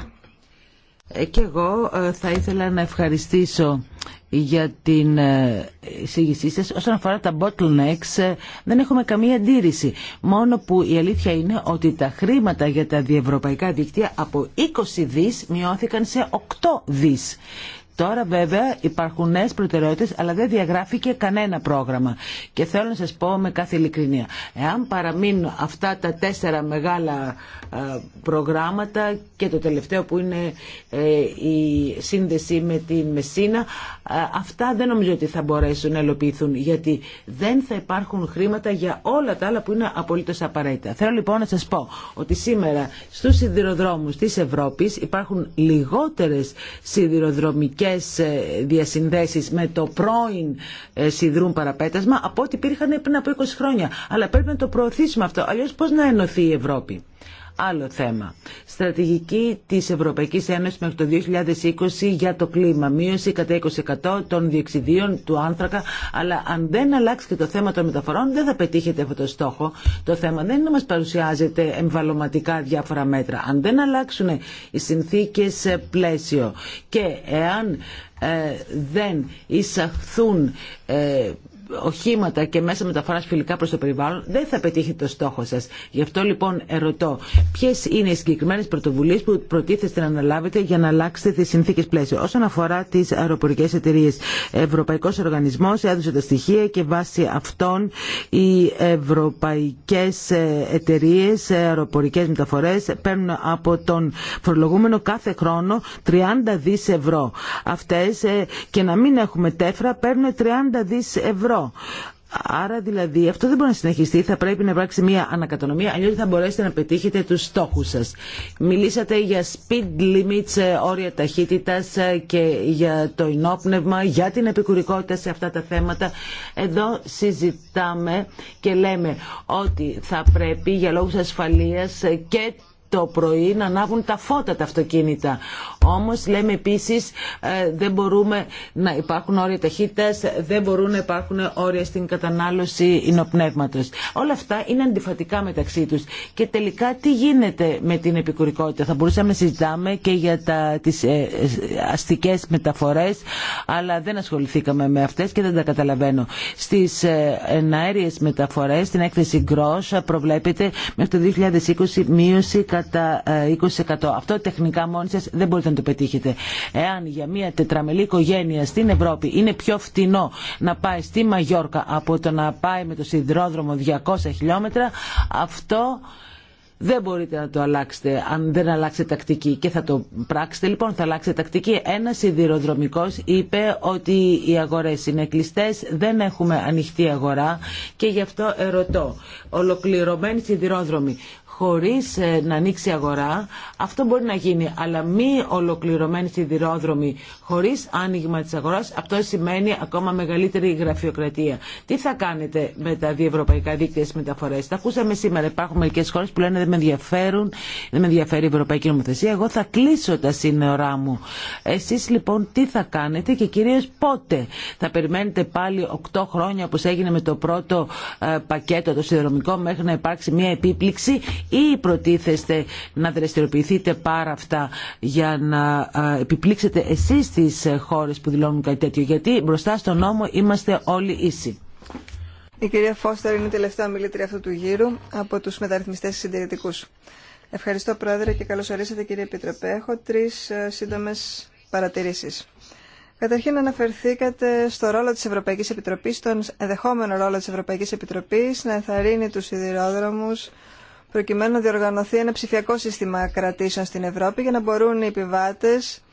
Ε, και εγώ ε, θα ήθελα να ευχαριστήσω για την ε, εισήγησή σα. Όσον αφορά τα bottlenecks, δεν έχουμε καμία αντίρρηση. Μόνο που η αλήθεια είναι ότι τα χρήματα για τα διευρωπαϊκά δίκτυα από 20 δις μειώθηκαν σε 8 δι. Τώρα βέβαια υπάρχουν νέε προτεραιότητε, αλλά δεν διαγράφηκε κανένα πρόγραμμα. Και θέλω να σα πω με κάθε ειλικρινία, εάν παραμείνουν αυτά τα τέσσερα μεγάλα ε, προγράμματα και το τελευταίο που είναι ε, η σύνδεση με τη Μεσίνα, ε, αυτά δεν νομίζω ότι θα μπορέσουν να ελοποιηθούν γιατί δεν θα υπάρχουν χρήματα για όλα τα άλλα που είναι απολύτω απαραίτητα. Θέλω λοιπόν να σα πω ότι σήμερα στου σιδηροδρόμου τη Ευρώπη υπάρχουν λιγότερε σιδηροδρομικέ ποιες ε, διασυνδέσεις με το πρώην ε, σιδρούν παραπέτασμα από ό,τι υπήρχαν πριν από 20 χρόνια. Αλλά πρέπει να το προωθήσουμε αυτό, αλλιώς πώς να ενωθεί η Ευρώπη άλλο θέμα. Στρατηγική της Ευρωπαϊκής Ένωσης μέχρι το 2020 για το κλίμα. Μείωση κατά 20% των διεξιδίων του άνθρακα. Αλλά αν δεν αλλάξει και το θέμα των μεταφορών δεν θα πετύχετε αυτό το στόχο. Το θέμα δεν είναι να μας παρουσιάζεται εμβαλωματικά διάφορα μέτρα. Αν δεν αλλάξουν οι συνθήκες πλαίσιο και εάν ε, δεν εισαχθούν ε, οχήματα και μέσα μεταφορά φιλικά προ το περιβάλλον, δεν θα πετύχετε το στόχο σα. Γι' αυτό λοιπόν ερωτώ, Ποιε είναι οι συγκεκριμένε πρωτοβουλίε που προτίθεστε να αναλάβετε για να αλλάξετε τι συνθήκε πλαίσιο. Όσον αφορά τις αεροπορικές εταιρείε. Ευρωπαϊκό οργανισμό έδωσε τα στοιχεία και βάσει αυτών οι ευρωπαϊκέ εταιρείε, αεροπορικέ μεταφορέ παίρνουν από τον φορολογούμενο κάθε χρόνο 30 δι ευρώ. Αυτέ ε, και να μην έχουμε τέφρα παίρνουν 30 δι ευρώ. Άρα δηλαδή αυτό δεν μπορεί να συνεχιστεί, θα πρέπει να υπάρξει μια ανακατονομία, αλλιώς θα μπορέσετε να πετύχετε τους στόχους σας. Μιλήσατε για speed limits, ε, όρια ταχύτητας ε, και για το ενόπνευμα, για την επικουρικότητα σε αυτά τα θέματα. Εδώ συζητάμε και λέμε ότι θα πρέπει για λόγους ασφαλείας ε, και το πρωί να ανάβουν τα φώτα τα αυτοκίνητα. Όμως λέμε επίσης ε, δεν μπορούμε να υπάρχουν όρια ταχύτητας, δεν μπορούν να υπάρχουν όρια στην κατανάλωση υνοπνεύματος. Όλα αυτά είναι αντιφατικά μεταξύ τους. Και τελικά τι γίνεται με την επικουρικότητα. Θα μπορούσαμε να συζητάμε και για τα, τις ε, ε αστικές μεταφορές, αλλά δεν ασχοληθήκαμε με αυτές και δεν τα καταλαβαίνω. Στις ε, μεταφορέ, μεταφορές, στην έκθεση Gross, προβλέπεται μέχρι το 2020 μείωση κατά τα 20%. Ε, αυτό τεχνικά μόνοι σα δεν μπορείτε να το πετύχετε. Εάν για μια τετραμελή οικογένεια στην Ευρώπη είναι πιο φτηνό να πάει στη Μαγιόρκα από το να πάει με το σιδηρόδρομο 200 χιλιόμετρα, αυτό δεν μπορείτε να το αλλάξετε αν δεν αλλάξετε τακτική και θα το πράξετε. Λοιπόν, θα αλλάξετε τακτική. Ένα σιδηροδρομικό είπε ότι οι αγορέ είναι κλειστέ, δεν έχουμε ανοιχτή αγορά και γι' αυτό ερωτώ. Ολοκληρωμένοι σιδηρόδρομοι χωρίς ε, να ανοίξει αγορά, αυτό μπορεί να γίνει. Αλλά μη ολοκληρωμένη σιδηρόδρομη χωρίς άνοιγμα της αγοράς, αυτό σημαίνει ακόμα μεγαλύτερη γραφειοκρατία. Τι θα κάνετε με τα διευρωπαϊκά δίκτυα στις μεταφορές. Τα ακούσαμε σήμερα. Υπάρχουν μερικές χώρες που λένε δεν με ενδιαφέρουν, δεν με ενδιαφέρει η Ευρωπαϊκή Νομοθεσία. Εγώ θα κλείσω τα σύνορά μου. Εσείς λοιπόν τι θα κάνετε και κυρίως πότε. Θα περιμένετε πάλι 8 χρόνια όπως έγινε με το πρώτο ε, πακέτο το σιδηρομικό μέχρι να υπάρξει μια επίπληξη ή προτίθεστε να δραστηριοποιηθείτε πάρα αυτά για να επιπλήξετε εσείς τις ε, χώρες που δηλώνουν κάτι τέτοιο γιατί μπροστά στον νόμο είμαστε όλοι ίσοι. Η κυρία Φώστερ είναι η τελευταία μιλήτρια αυτού του γύρου από τους μεταρρυθμιστές συντηρητικούς. Ευχαριστώ Πρόεδρε και καλώς ορίσατε κύριε Επιτροπέ. Έχω τρεις ε, σύντομες παρατηρήσεις. Καταρχήν αναφερθήκατε στο ρόλο της Ευρωπαϊκής Επιτροπής, στον ενδεχόμενο ρόλο της Ευρωπαϊκής Επιτροπής να ενθαρρύνει τους σιδηρόδρομους προκειμένου να διοργανωθεί ένα ψηφιακό σύστημα κρατήσεων στην Ευρώπη για να μπορούν οι επιβάτες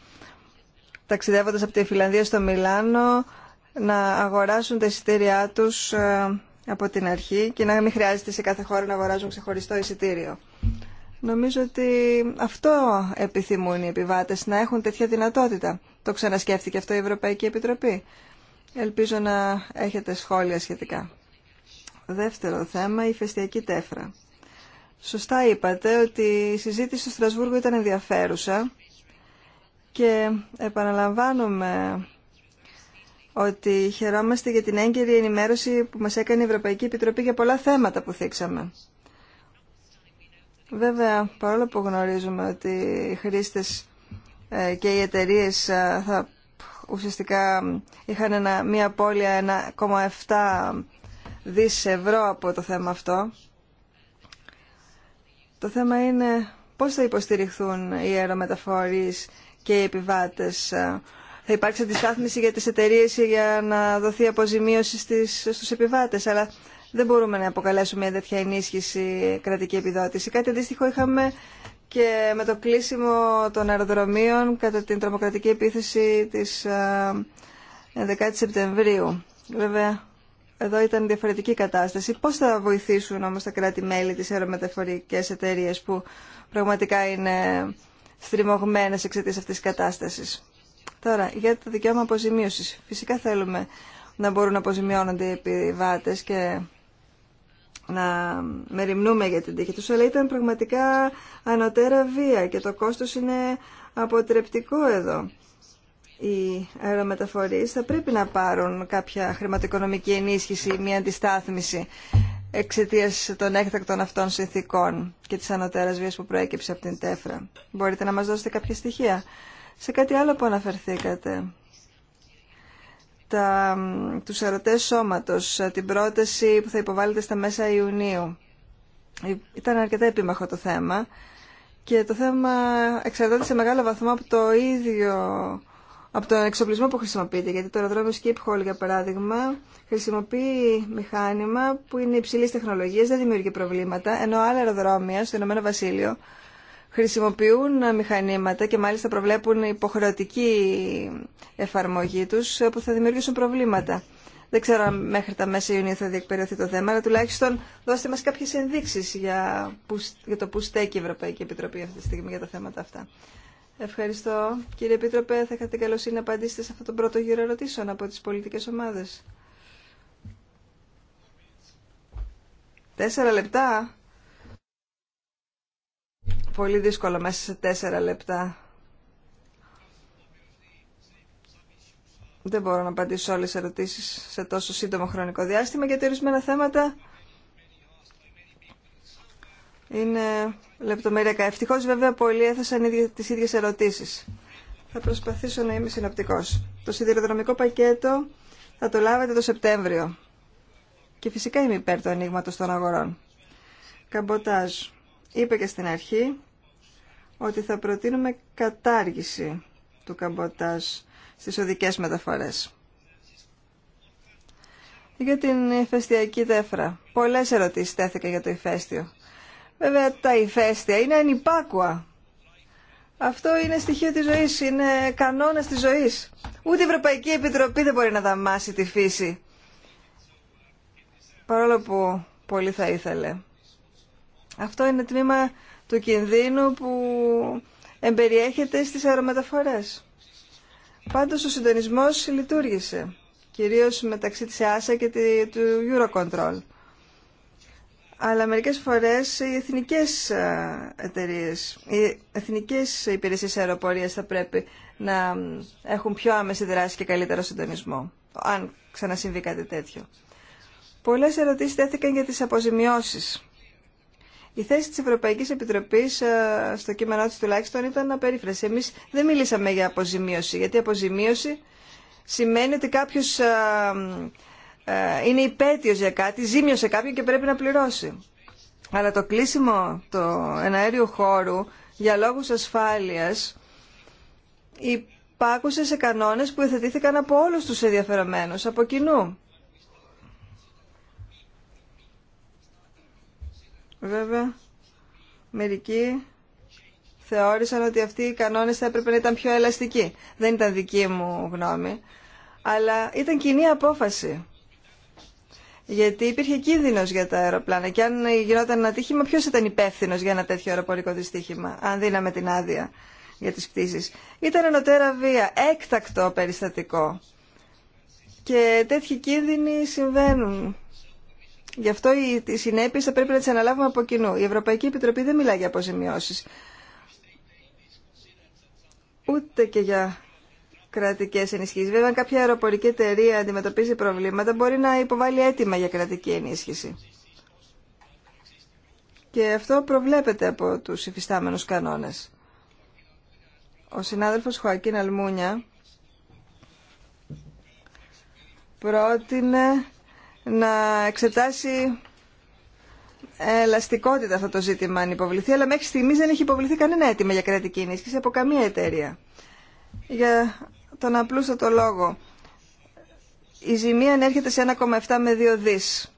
ταξιδεύοντας από τη Φιλανδία στο Μιλάνο να αγοράσουν τα εισιτήριά τους ε, από την αρχή και να μην χρειάζεται σε κάθε χώρα να αγοράζουν ξεχωριστό εισιτήριο. Νομίζω ότι αυτό επιθυμούν οι επιβάτες, να έχουν τέτοια δυνατότητα. Το ξανασκέφτηκε αυτό η Ευρωπαϊκή Επιτροπή. Ελπίζω να έχετε σχόλια σχετικά. Δεύτερο θέμα, η φεστιακή τέφρα. Σωστά είπατε ότι η συζήτηση στο Στρασβούργο ήταν ενδιαφέρουσα και επαναλαμβάνουμε ότι χαιρόμαστε για την έγκαιρη ενημέρωση που μας έκανε η Ευρωπαϊκή Επιτροπή για πολλά θέματα που θίξαμε. Βέβαια, παρόλο που γνωρίζουμε ότι οι χρήστες ε, και οι εταιρείε ε, θα ουσιαστικά είχαν μία απώλεια 1,7 δις ευρώ από το θέμα αυτό, το θέμα είναι πώς θα υποστηριχθούν οι αερομεταφορείς και οι επιβάτες. Θα υπάρξει αντιστάθμιση για τις εταιρείες για να δοθεί αποζημίωση στις, στους επιβάτες, αλλά δεν μπορούμε να αποκαλέσουμε μια τέτοια ενίσχυση κρατική επιδότηση. Κάτι αντίστοιχο είχαμε και με το κλείσιμο των αεροδρομίων κατά την τρομοκρατική επίθεση της 11 ε, Σεπτεμβρίου. Βέβαια, εδώ ήταν διαφορετική κατάσταση. Πώς θα βοηθήσουν όμως τα κράτη-μέλη της αερομεταφορικές εταιρείε που πραγματικά είναι στριμωγμένες εξαιτίας αυτής της κατάστασης. Τώρα, για το δικαίωμα αποζημίωσης. Φυσικά θέλουμε να μπορούν να αποζημιώνονται οι επιβάτες και να μεριμνούμε για την τύχη τους, αλλά ήταν πραγματικά ανωτέρα βία και το κόστος είναι αποτρεπτικό εδώ οι αερομεταφορεί θα πρέπει να πάρουν κάποια χρηματοοικονομική ενίσχυση, ή μια αντιστάθμιση εξαιτία των έκτακτων αυτών συνθήκων και τη ανωτέρα βία που προέκυψε από την ΤΕΦΡΑ. Μπορείτε να μα δώσετε κάποια στοιχεία. Σε κάτι άλλο που αναφερθήκατε, τα, τους ερωτές σώματος, την πρόταση που θα υποβάλλεται στα μέσα Ιουνίου. Ε, ήταν αρκετά επίμαχο το θέμα και το θέμα εξαρτάται σε μεγάλο βαθμό από το ίδιο από τον εξοπλισμό που χρησιμοποιείται. Γιατί το αεροδρόμιο Skip Hall, για παράδειγμα, χρησιμοποιεί μηχάνημα που είναι υψηλή τεχνολογία, δεν δημιουργεί προβλήματα, ενώ άλλα αεροδρόμια στο Ηνωμένο Βασίλειο χρησιμοποιούν μηχανήματα και μάλιστα προβλέπουν υποχρεωτική εφαρμογή του που θα δημιουργήσουν προβλήματα. Δεν ξέρω αν μέχρι τα μέσα Ιουνίου θα διεκπεριωθεί το θέμα, αλλά τουλάχιστον δώστε μας κάποιες ενδείξεις για, το που στέκει η Ευρωπαϊκή Επιτροπή αυτή τη στιγμή για τα θέματα αυτά. Ευχαριστώ. Κύριε Επίτροπε, θα είχατε καλοσύνη να απαντήσετε σε αυτό το πρώτο γύρο ερωτήσεων από τις πολιτικές ομάδες. Τέσσερα λεπτά. Πολύ δύσκολο μέσα σε τέσσερα λεπτά. Δεν μπορώ να απαντήσω όλες τις ερωτήσεις σε τόσο σύντομο χρονικό διάστημα γιατί ορισμένα θέματα είναι λεπτομεριακά. Ευτυχώς βέβαια πολλοί έθεσαν τι ίδιες ερωτήσει. Θα προσπαθήσω να είμαι συνοπτικό. Το σιδηροδρομικό πακέτο θα το λάβετε το Σεπτέμβριο. Και φυσικά είμαι υπέρ του ανοίγματο των αγορών. Καμποτάζ. Είπε και στην αρχή ότι θα προτείνουμε κατάργηση του καμποτάζ στις οδικές μεταφορές. Για την ηφαιστειακή δέφρα. Πολλές ερωτήσεις τέθηκαν για το ηφαίστειο. Βέβαια τα ηφαίστεια είναι ανυπάκουα. Αυτό είναι στοιχείο της ζωής, είναι κανόνας της ζωής. Ούτε η Ευρωπαϊκή Επιτροπή δεν μπορεί να δαμάσει τη φύση. Παρόλο που πολύ θα ήθελε. Αυτό είναι τμήμα του κινδύνου που εμπεριέχεται στις αερομεταφορές. Πάντως ο συντονισμός λειτουργήσε, κυρίως μεταξύ της ΕΑΣΑ και του Eurocontrol αλλά μερικές φορές οι εθνικές ε, εταιρείες, οι εθνικές υπηρεσίες αεροπορίας θα πρέπει να έχουν πιο άμεση δράση και καλύτερο συντονισμό, αν ξανασυμβεί κάτι τέτοιο. Πολλές ερωτήσεις τέθηκαν για τις αποζημιώσεις. Η θέση της Ευρωπαϊκής Επιτροπής ε, στο κείμενό της τουλάχιστον ήταν απερίφραση. Εμείς δεν μιλήσαμε για αποζημίωση, γιατί αποζημίωση σημαίνει ότι κάποιος ε, ε, είναι υπέτειο για κάτι, ζήμιο σε κάποιον και πρέπει να πληρώσει. Αλλά το κλείσιμο του εναέριου χώρου για λόγους ασφάλειας υπάκουσε σε κανόνες που εθετήθηκαν από όλους τους ενδιαφερομένους, από κοινού. Βέβαια, μερικοί θεώρησαν ότι αυτοί οι κανόνες θα έπρεπε να ήταν πιο ελαστικοί. Δεν ήταν δική μου γνώμη, αλλά ήταν κοινή απόφαση γιατί υπήρχε κίνδυνο για τα αεροπλάνα. Και αν γινόταν ένα τύχημα, ποιο ήταν υπεύθυνο για ένα τέτοιο αεροπορικό δυστύχημα, αν δίναμε την άδεια για τι πτήσει. Ήταν ενωτέρα βία, έκτακτο περιστατικό. Και τέτοιοι κίνδυνοι συμβαίνουν. Γι' αυτό οι συνέπειε θα πρέπει να τι αναλάβουμε από κοινού. Η Ευρωπαϊκή Επιτροπή δεν μιλά για αποζημιώσει. Ούτε και για κρατικέ ενισχύσει. Βέβαια, αν κάποια αεροπορική εταιρεία αντιμετωπίζει προβλήματα, μπορεί να υποβάλει αίτημα για κρατική ενίσχυση. Και αυτό προβλέπεται από τους υφιστάμενους κανόνες. Ο συνάδελφος Χωακίν Αλμούνια πρότεινε να εξετάσει ελαστικότητα αυτό το ζήτημα αν υποβληθεί, αλλά μέχρι στιγμής δεν έχει υποβληθεί κανένα αίτημα για κρατική ενίσχυση από καμία εταιρεία. Για τον το λόγο. Η ζημία ανέρχεται σε 1,7 με 2 δις.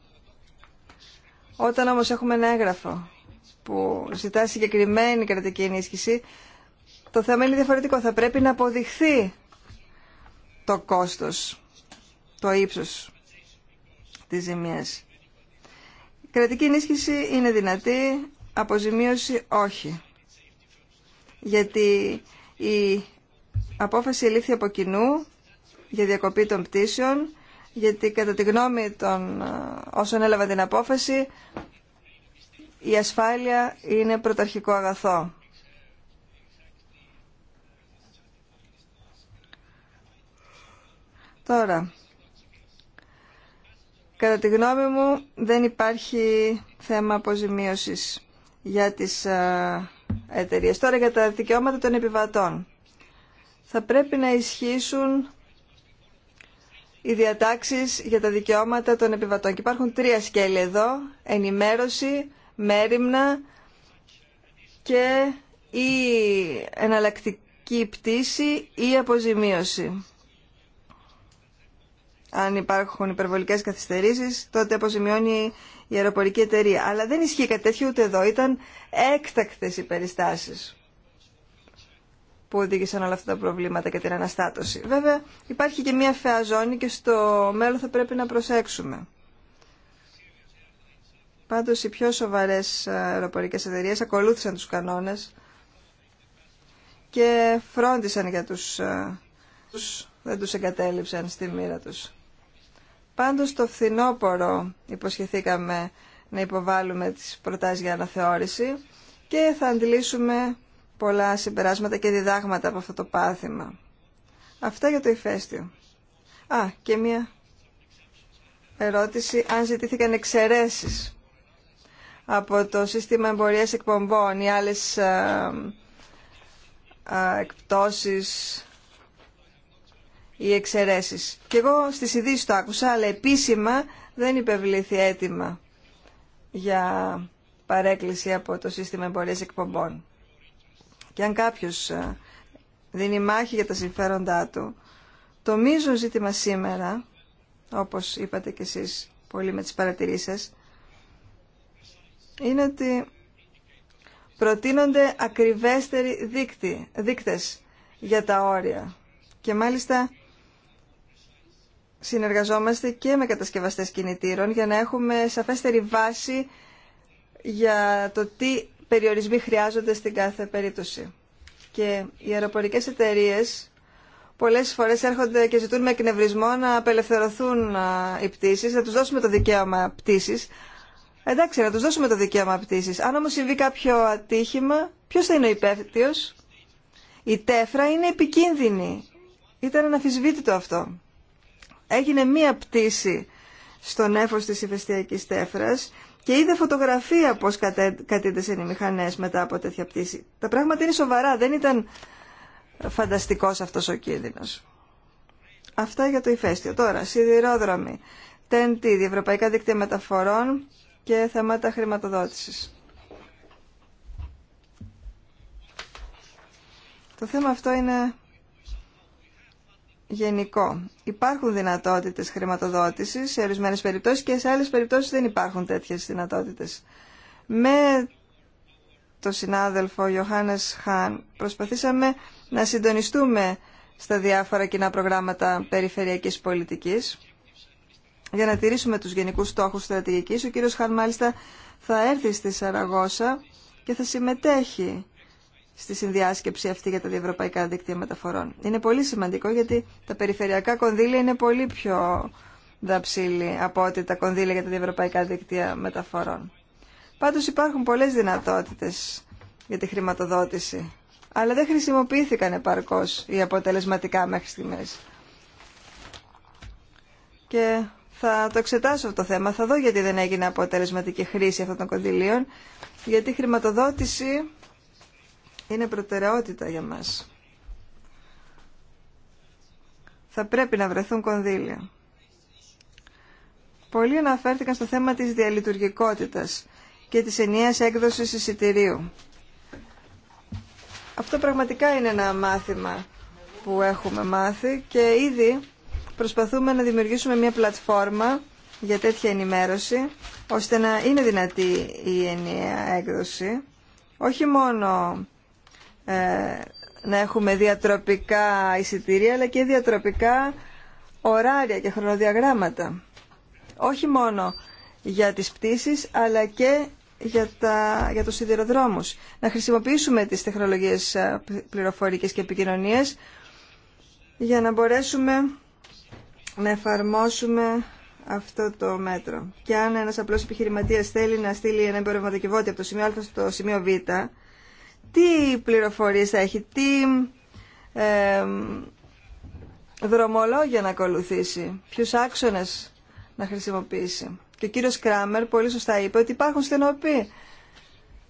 Όταν όμως έχουμε ένα έγγραφο που ζητά συγκεκριμένη κρατική ενίσχυση, το θέμα είναι διαφορετικό. Θα πρέπει να αποδειχθεί το κόστος, το ύψος της ζημίας. Η κρατική ενίσχυση είναι δυνατή, αποζημίωση όχι. Γιατί η απόφαση λήφθη από κοινού για διακοπή των πτήσεων, γιατί κατά τη γνώμη των ε, όσων έλαβαν την απόφαση, η ασφάλεια είναι πρωταρχικό αγαθό. Τώρα, κατά τη γνώμη μου δεν υπάρχει θέμα αποζημίωσης για τις ε, εταιρείες. Τώρα για τα δικαιώματα των επιβατών θα πρέπει να ισχύσουν οι διατάξεις για τα δικαιώματα των επιβατών. Και υπάρχουν τρία σκέλη εδώ, ενημέρωση, μέρημνα και η εναλλακτική πτήση ή αποζημίωση. Αν υπάρχουν υπερβολικές καθυστερήσεις, τότε αποζημιώνει η αεροπορική εταιρεία. Αλλά δεν ισχύει κάτι τέτοιο ούτε εδώ. Ήταν έκτακτες οι περιστάσεις που οδήγησαν όλα αυτά τα προβλήματα και την αναστάτωση. Βέβαια υπάρχει και μια φαιά ζώνη και στο μέλλον θα πρέπει να προσέξουμε. Πάντως οι πιο σοβαρές ε, αεροπορικές εταιρείες ακολούθησαν τους κανόνες και φρόντισαν για τους, ε, τους δεν τους εγκατέλειψαν στη μοίρα τους. Πάντως το φθινόπωρο υποσχεθήκαμε να υποβάλουμε τις προτάσεις για αναθεώρηση και θα αντιλήσουμε πολλά συμπεράσματα και διδάγματα από αυτό το πάθημα. Αυτά για το ηφαίστειο. Α, και μία ερώτηση αν ζητήθηκαν εξαιρέσει από το σύστημα εμπορίας εκπομπών ή άλλες ε, ε, εκπτώσεις ή εξαιρέσεις. Και εγώ στις ειδήσει το άκουσα, αλλά επίσημα δεν υπευλήθη έτοιμα για παρέκκληση από το σύστημα εμπορίας εκπομπών. Και αν κάποιος ε, δίνει μάχη για τα συμφέροντά του, το μείζον ζήτημα σήμερα, όπως είπατε κι εσείς πολύ με τις παρατηρήσεις σας, είναι ότι προτείνονται ακριβέστεροι δείκτη, δείκτες για τα όρια. Και μάλιστα συνεργαζόμαστε και με κατασκευαστές κινητήρων για να έχουμε σαφέστερη βάση για το τι περιορισμοί χρειάζονται στην κάθε περίπτωση. Και οι αεροπορικές εταιρείες πολλές φορές έρχονται και ζητούν με εκνευρισμό να απελευθερωθούν οι πτήσεις, να τους δώσουμε το δικαίωμα πτήσεις. Εντάξει, να τους δώσουμε το δικαίωμα πτήσεις. Αν όμως συμβεί κάποιο ατύχημα, ποιος θα είναι ο υπεύθυνος. Η τέφρα είναι επικίνδυνη. Ήταν αναφυσβήτητο αυτό. Έγινε μία πτήση στον έφος της ηφαιστειακής τέφρας και είδε φωτογραφία πώς κατήντεσαν οι μηχανέ μετά από τέτοια πτήση. Τα πράγματα είναι σοβαρά, δεν ήταν φανταστικό αυτό ο κίνδυνο. Αυτά για το ηφαίστειο. Τώρα, σιδηρόδρομοι, τέντη, διευρωπαϊκά δίκτυα μεταφορών και θέματα χρηματοδότηση. Το θέμα αυτό είναι γενικό. Υπάρχουν δυνατότητες χρηματοδότησης σε ορισμένε περιπτώσεις και σε άλλες περιπτώσεις δεν υπάρχουν τέτοιες δυνατότητες. Με το συνάδελφο Ιωάννης Χάν προσπαθήσαμε να συντονιστούμε στα διάφορα κοινά προγράμματα περιφερειακής πολιτικής για να τηρήσουμε τους γενικούς στόχους στρατηγικής. Ο κύριος Χάν μάλιστα θα έρθει στη Σαραγώσα και θα συμμετέχει στη συνδιάσκεψη αυτή για τα διευρωπαϊκά δίκτυα μεταφορών. Είναι πολύ σημαντικό γιατί τα περιφερειακά κονδύλια είναι πολύ πιο δαψίλη από ότι τα κονδύλια για τα διευρωπαϊκά δίκτυα μεταφορών. Πάντως υπάρχουν πολλές δυνατότητες για τη χρηματοδότηση, αλλά δεν χρησιμοποιήθηκαν επαρκώς ή αποτελεσματικά μέχρι στιγμής. Και θα το εξετάσω αυτό το θέμα, θα δω γιατί δεν έγινε αποτελεσματική χρήση αυτών των κονδυλίων, γιατί η χρηματοδότηση είναι προτεραιότητα για μας. Θα πρέπει να βρεθούν κονδύλια. Πολλοί αναφέρθηκαν στο θέμα της διαλειτουργικότητας και της ενιαίας έκδοσης εισιτηρίου. Αυτό πραγματικά είναι ένα μάθημα που έχουμε μάθει και ήδη προσπαθούμε να δημιουργήσουμε μια πλατφόρμα για τέτοια ενημέρωση, ώστε να είναι δυνατή η ενιαία έκδοση, όχι μόνο ε, να έχουμε διατροπικά εισιτήρια αλλά και διατροπικά ωράρια και χρονοδιαγράμματα. Όχι μόνο για τις πτήσεις αλλά και για, τα, για τους σιδηροδρόμους. Να χρησιμοποιήσουμε τις τεχνολογίες ε, πληροφορικές και επικοινωνίες για να μπορέσουμε να εφαρμόσουμε αυτό το μέτρο. Και αν ένας απλός επιχειρηματίας θέλει να στείλει ένα εμπορευματοκιβώτη από το σημείο Α στο σημείο Β, τι πληροφορίες θα έχει, τι δρομολόγια να ακολουθήσει, ποιους άξονες να χρησιμοποιήσει. Και ο κύριος Κράμερ πολύ σωστά είπε ότι υπάρχουν στενοποί.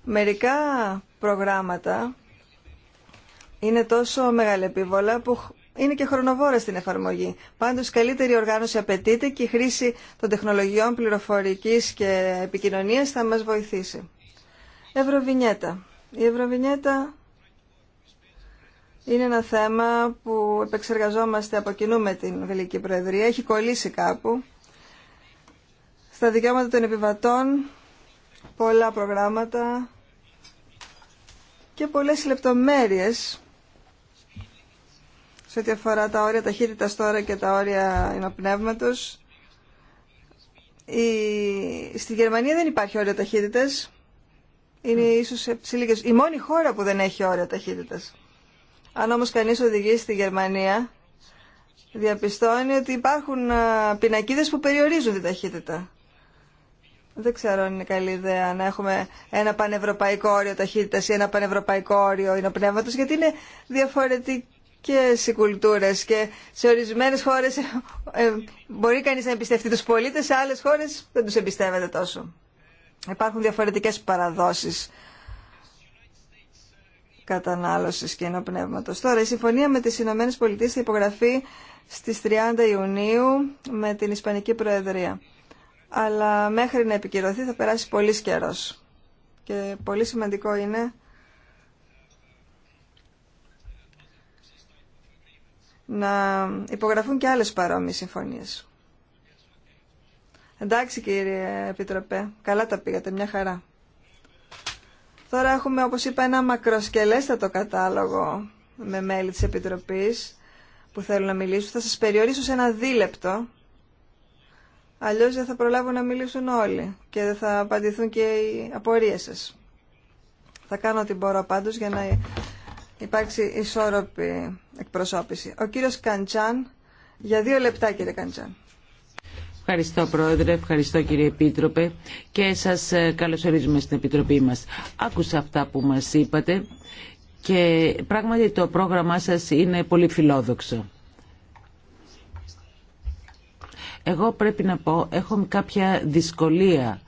Μερικά προγράμματα είναι τόσο μεγαλεπίβολα που είναι και χρονοβόρα στην εφαρμογή. Πάντως καλύτερη οργάνωση απαιτείται και η χρήση των τεχνολογιών πληροφορικής και επικοινωνίας θα μας βοηθήσει. Ευρωβινιέτα. Η Ευρωβινιέτα είναι ένα θέμα που επεξεργαζόμαστε από κοινού με την Βελική Προεδρία. Έχει κολλήσει κάπου. Στα δικαιώματα των επιβατών, πολλά προγράμματα και πολλές λεπτομέρειες σε ό,τι αφορά τα όρια ταχύτητας τώρα και τα όρια ενοπνεύματος. Η... Στη Γερμανία δεν υπάρχει όρια ταχύτητας είναι ίσως Η μόνη χώρα που δεν έχει όρια ταχύτητα. Αν όμω κανεί οδηγεί στη Γερμανία, διαπιστώνει ότι υπάρχουν πινακίδες που περιορίζουν την ταχύτητα. Δεν ξέρω αν είναι καλή ιδέα να έχουμε ένα πανευρωπαϊκό όριο ταχύτητα ή ένα πανευρωπαϊκό όριο υνοπνεύματος, γιατί είναι διαφορετικέ οι κουλτούρε. και σε ορισμένες χώρες ε, ε, μπορεί κανεί να εμπιστευτεί του πολίτε σε άλλε χώρε δεν του εμπιστεύεται τόσο. Υπάρχουν διαφορετικές παραδόσεις κατανάλωσης και πνεύματος. Τώρα, η συμφωνία με τις Ηνωμένες Πολιτείες θα υπογραφεί στις 30 Ιουνίου με την Ισπανική Προεδρία. Αλλά μέχρι να επικυρωθεί θα περάσει πολύ καιρό. Και πολύ σημαντικό είναι να υπογραφούν και άλλες παρόμοιες συμφωνίες. Εντάξει κύριε Επιτροπέ, καλά τα πήγατε, μια χαρά. Τώρα έχουμε όπως είπα ένα μακροσκελέστατο κατάλογο με μέλη της Επιτροπής που θέλουν να μιλήσουν. Θα σας περιορίσω σε ένα δίλεπτο, αλλιώς δεν θα προλάβουν να μιλήσουν όλοι και δεν θα απαντηθούν και οι απορίες σας. Θα κάνω ό,τι μπορώ πάντως για να υπάρξει ισόρροπη εκπροσώπηση. Ο κύριος Καντζάν, για δύο λεπτά κύριε Καντζάν. Ευχαριστώ Πρόεδρε, ευχαριστώ κύριε Επίτροπε και σας ε, καλωσορίζουμε στην Επιτροπή μας. Άκουσα αυτά που μας είπατε και πράγματι το πρόγραμμά σας είναι πολύ φιλόδοξο. Εγώ πρέπει να πω, έχω κάποια δυσκολία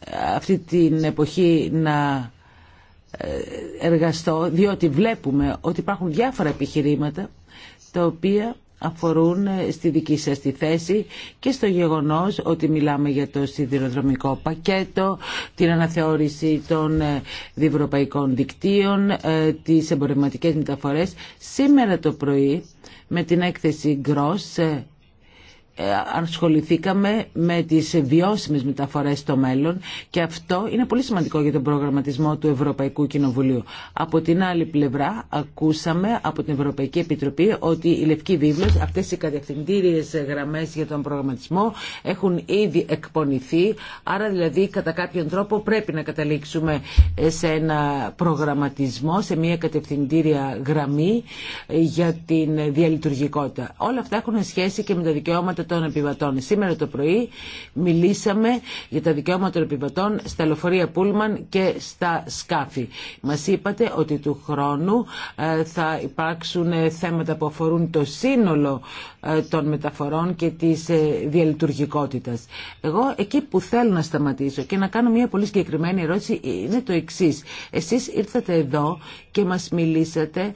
ε, αυτή την εποχή να ε, εργαστώ, διότι βλέπουμε ότι υπάρχουν διάφορα επιχειρήματα τα οποία αφορούν ε, στη δική σας τη θέση και στο γεγονός ότι μιλάμε για το σιδηροδρομικό πακέτο, την αναθεώρηση των ε, διευρωπαϊκών δικτύων, ε, τις εμπορευματικές μεταφορές. Σήμερα το πρωί με την έκθεση Gross ε, ασχοληθήκαμε με τις βιώσιμες μεταφορές στο μέλλον και αυτό είναι πολύ σημαντικό για τον προγραμματισμό του Ευρωπαϊκού Κοινοβουλίου. Από την άλλη πλευρά ακούσαμε από την Ευρωπαϊκή Επιτροπή ότι η Λευκή Βίβλος, αυτές οι κατευθυντήριες γραμμές για τον προγραμματισμό έχουν ήδη εκπονηθεί, άρα δηλαδή κατά κάποιον τρόπο πρέπει να καταλήξουμε σε ένα προγραμματισμό, σε μια κατευθυντήρια γραμμή για την διαλειτουργικότητα. Όλα αυτά έχουν σχέση και με τα δικαιώματα των επιβατών. Σήμερα το πρωί μιλήσαμε για τα δικαιώματα των επιβατών στα λεωφορεία Πούλμαν και στα σκάφη. Μας είπατε ότι του χρόνου ε, θα υπάρξουν ε, θέματα που αφορούν το σύνολο ε, των μεταφορών και της διαλειτουργικότητα. Εγώ εκεί που θέλω να σταματήσω και να κάνω μια πολύ συγκεκριμένη ερώτηση είναι το εξή. Εσείς ήρθατε εδώ και μα μιλήσατε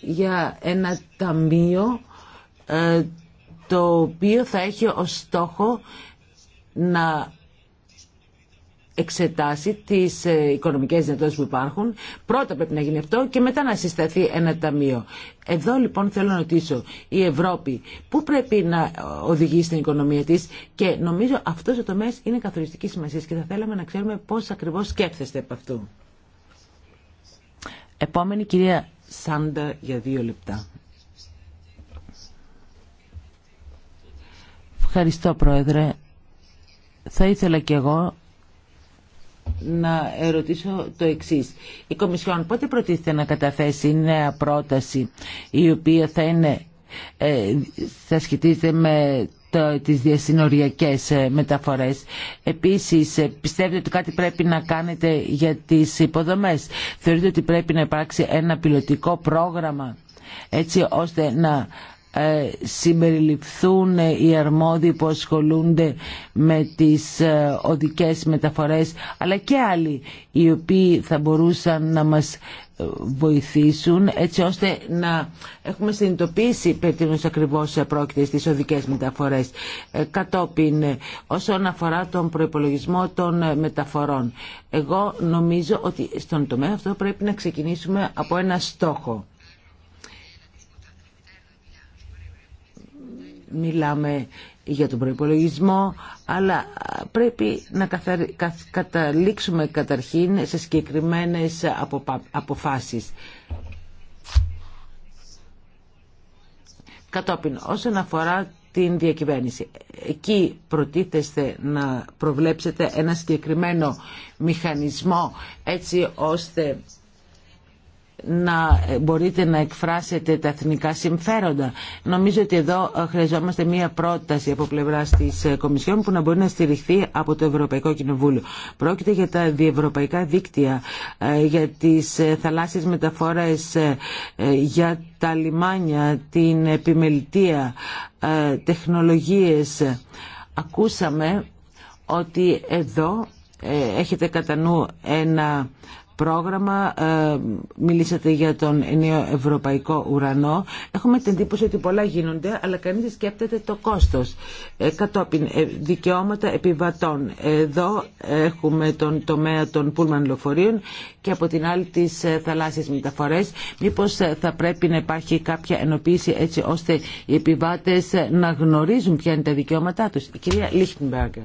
για ένα ταμείο το οποίο θα έχει ως στόχο να εξετάσει τις ε, οικονομικές δυνατότητες που υπάρχουν. Πρώτα πρέπει να γίνει αυτό και μετά να συσταθεί ένα ταμείο. Εδώ λοιπόν θέλω να ρωτήσω η Ευρώπη πού πρέπει να οδηγήσει την οικονομία της και νομίζω αυτός ο τομέας είναι καθοριστική σημασία και θα θέλαμε να ξέρουμε πώς ακριβώς σκέφτεστε από αυτού. Επόμενη κυρία Σάντα για δύο λεπτά. Ευχαριστώ Πρόεδρε. Θα ήθελα κι εγώ να ερωτήσω το εξής. Η Κομισιόν πότε προτίθεται να καταθέσει νέα πρόταση η οποία θα, είναι, ε, θα σχετίζεται με το, τις διασυνοριακές ε, μεταφορές. Επίσης, ε, πιστεύετε ότι κάτι πρέπει να κάνετε για τις υποδομές. Θεωρείτε ότι πρέπει να υπάρξει ένα πιλωτικό πρόγραμμα έτσι ώστε να ε, συμπεριληφθούν οι αρμόδιοι που ασχολούνται με τις ε, οδικές μεταφορές αλλά και άλλοι οι οποίοι θα μπορούσαν να μας ε, βοηθήσουν έτσι ώστε να έχουμε συνειδητοποιήσει περί ακριβώς πρόκειται στις οδικές μεταφορές κατόπιν όσον αφορά τον προϋπολογισμό των μεταφορών εγώ νομίζω ότι στον τομέα αυτό πρέπει να ξεκινήσουμε από ένα στόχο μιλάμε για τον προϋπολογισμό, αλλά πρέπει να καταλήξουμε καταρχήν σε συγκεκριμένες αποφάσεις. Κατόπιν, όσον αφορά την διακυβέρνηση. Εκεί προτίθεστε να προβλέψετε ένα συγκεκριμένο μηχανισμό έτσι ώστε να μπορείτε να εκφράσετε τα εθνικά συμφέροντα. Νομίζω ότι εδώ ε, χρειαζόμαστε μία πρόταση από πλευρά τη ε, Κομισιόν που να μπορεί να στηριχθεί από το Ευρωπαϊκό Κοινοβούλιο. Πρόκειται για τα διευρωπαϊκά δίκτυα, ε, για τι θαλάσσιες μεταφορέ, για τα λιμάνια, την επιμελητεία, τεχνολογίες. Ακούσαμε ότι εδώ έχετε κατά νου ένα πρόγραμμα, ε, μιλήσατε για τον νέο ευρωπαϊκό ουρανό. Έχουμε την εντύπωση ότι πολλά γίνονται, αλλά κανείς δεν το κόστος. Ε, κατόπιν, ε, δικαιώματα επιβατών. Εδώ έχουμε τον τομέα των πούλμαν λεωφορείων και από την άλλη τις θαλάσσιες μεταφορές. Μήπως θα πρέπει να υπάρχει κάποια ενοποίηση έτσι ώστε οι επιβάτες να γνωρίζουν ποια είναι τα δικαιώματά τους. Η κυρία Λίχτενμπέργκερ.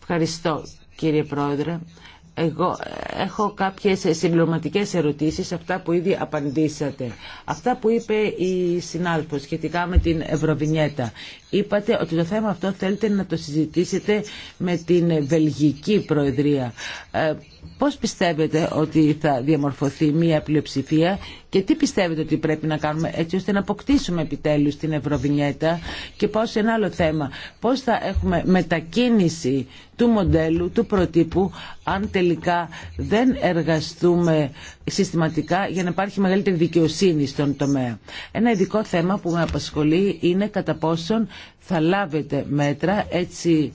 Ευχαριστώ κύριε Πρόεδρε. Εγώ έχω κάποιες συμπληρωματικές ερωτήσεις αυτά που ήδη απαντήσατε. Αυτά που είπε η συνάδελφος σχετικά με την Ευρωβινιέτα είπατε ότι το θέμα αυτό θέλετε να το συζητήσετε με την Βελγική Προεδρία. Ε, πώς πιστεύετε ότι θα διαμορφωθεί μία πλειοψηφία και τι πιστεύετε ότι πρέπει να κάνουμε έτσι ώστε να αποκτήσουμε επιτέλους την Ευρωβινιέτα και πώς ένα άλλο θέμα, πώς θα έχουμε μετακίνηση του μοντέλου, του προτύπου αν τελικά δεν εργαστούμε συστηματικά για να υπάρχει μεγαλύτερη δικαιοσύνη στον τομέα. Ένα ειδικό θέμα που με απασχολεί είναι κατά πόσον θα λάβετε μέτρα έτσι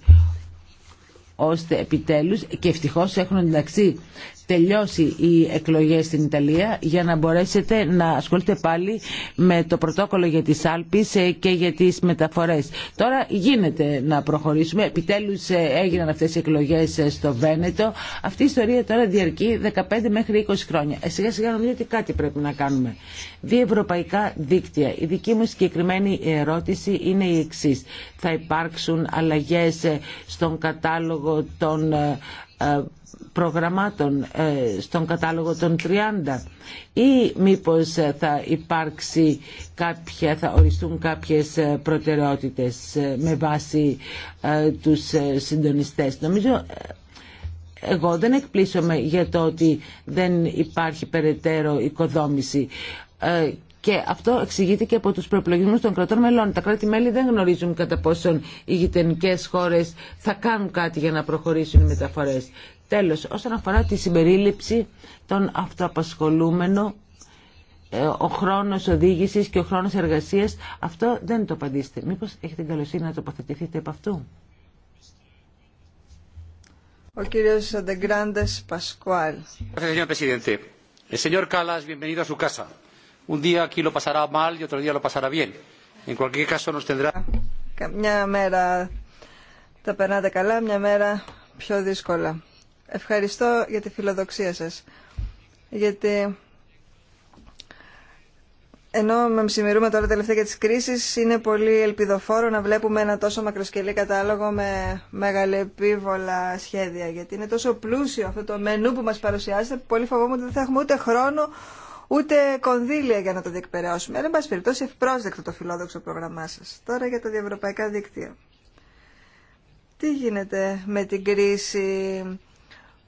ώστε επιτέλους και ευτυχώς έχουν εντάξει τελειώσει οι εκλογές στην Ιταλία για να μπορέσετε να ασχολείτε πάλι με το πρωτόκολλο για τις Άλπεις ε, και για τις μεταφορές. Τώρα γίνεται να προχωρήσουμε. Επιτέλους ε, έγιναν αυτές οι εκλογές ε, στο Βένετο. Αυτή η ιστορία τώρα διαρκεί 15 μέχρι 20 χρόνια. Ε, σιγά σιγά νομίζω ότι κάτι πρέπει να κάνουμε. Δύο ευρωπαϊκά δίκτυα. Η δική μου συγκεκριμένη ερώτηση είναι η εξή. Θα υπάρξουν αλλαγές στον κατάλογο των προγραμμάτων ε, στον κατάλογο των 30 ή μήπως ε, θα υπάρξει κάποια, θα οριστούν κάποιες ε, προτεραιότητες με βάση τους συντονιστές. Νομίζω εγώ δεν εκπλήσωμαι για το ότι δεν υπάρχει περαιτέρω οικοδόμηση και αυτό εξηγείται και από του προπολογισμού των κρατών μελών. Τα κράτη-μέλη δεν γνωρίζουν κατά πόσον οι γειτονικέ χώρε θα κάνουν κάτι για να προχωρήσουν οι μεταφορέ. Τέλο, όσον αφορά τη συμπερίληψη των αυτοαπασχολούμενων, ε, ο χρόνο οδήγηση και ο χρόνο εργασία, αυτό δεν το απαντήσετε. Μήπω έχετε την καλοσύνη να τοποθετηθείτε από αυτού. Ο κύριο Αντεγκράντες Πασκουάλ. Ε, señor presidente, un día aquí lo pasará Μια μέρα τα περνάτε καλά, μια μέρα πιο δύσκολα. Ευχαριστώ για τη φιλοδοξία σας. Γιατί ενώ με συμμερούμε τώρα τελευταία για τις κρίσεις, είναι πολύ ελπιδοφόρο να βλέπουμε ένα τόσο μακροσκελή κατάλογο με μεγαλεπίβολα σχέδια. Γιατί είναι τόσο πλούσιο αυτό το μενού που μας παρουσιάζεται, πολύ φοβόμαι ότι δεν θα έχουμε ούτε χρόνο, ούτε κονδύλια για να το διεκπαιρεώσουμε. Εν πάση περιπτώσει, ευπρόσδεκτο το φιλόδοξο πρόγραμμά σα. Τώρα για τα διευρωπαϊκά δίκτυα. Τι γίνεται με την κρίση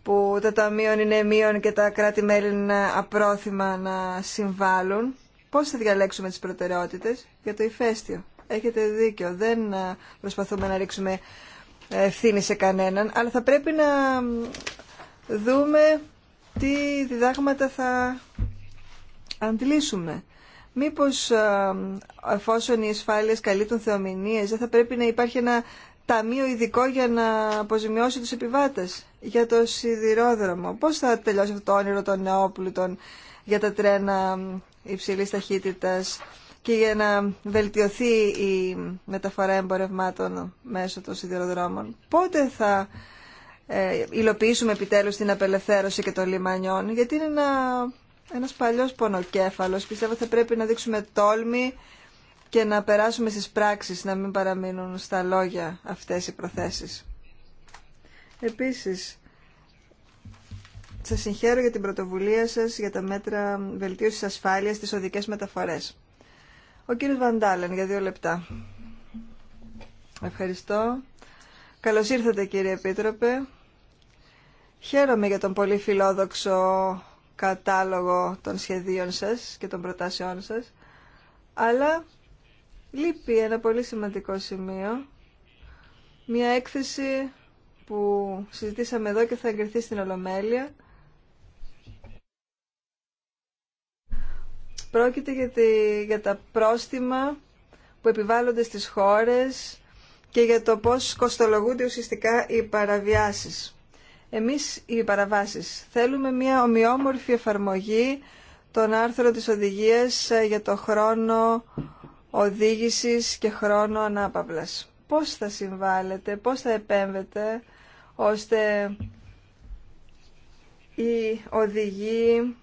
που τα ταμείων είναι μείον και τα κράτη-μέλη είναι απρόθυμα να συμβάλλουν. Πώς θα διαλέξουμε τις προτεραιότητες για το ηφαίστειο. Έχετε δίκιο, δεν προσπαθούμε να ρίξουμε ευθύνη σε κανέναν, αλλά θα πρέπει να δούμε τι διδάγματα θα αντλήσουμε. Μήπως ε, εφόσον οι ασφάλειες καλύπτουν θεομηνίες, δεν θα πρέπει να υπάρχει ένα ταμείο ειδικό για να αποζημιώσει τους επιβάτες για το σιδηρόδρομο. Πώς θα τελειώσει αυτό το όνειρο των νεόπλουτων για τα τρένα υψηλής ταχύτητας και για να βελτιωθεί η μεταφορά εμπορευμάτων μέσω των σιδηροδρόμων. Πότε θα ε, υλοποιήσουμε επιτέλους την απελευθέρωση και των λιμανιών, γιατί είναι ένα ένας παλιός πονοκέφαλος. Πιστεύω θα πρέπει να δείξουμε τόλμη και να περάσουμε στις πράξεις, να μην παραμείνουν στα λόγια αυτές οι προθέσεις. Επίσης, σας συγχαίρω για την πρωτοβουλία σας για τα μέτρα βελτίωσης ασφάλειας στις οδικές μεταφορές. Ο κύριος Βαντάλεν για δύο λεπτά. Ευχαριστώ. Καλώς ήρθατε κύριε Επίτροπε. Χαίρομαι για τον πολύ φιλόδοξο κατάλογο των σχεδίων σας και των προτάσεών σας, αλλά λείπει ένα πολύ σημαντικό σημείο, μια έκθεση που συζητήσαμε εδώ και θα εγκριθεί στην Ολομέλεια. Πρόκειται για, τη, για τα πρόστιμα που επιβάλλονται στις χώρες και για το πώς κοστολογούνται ουσιαστικά οι παραβιάσεις εμείς οι παραβάσεις. Θέλουμε μια ομοιόμορφη εφαρμογή των άρθρων της οδηγίας ε, για το χρόνο οδήγησης και χρόνο ανάπαυλας. Πώς θα συμβάλετε, πώς θα επέμβετε, ώστε οι οδηγοί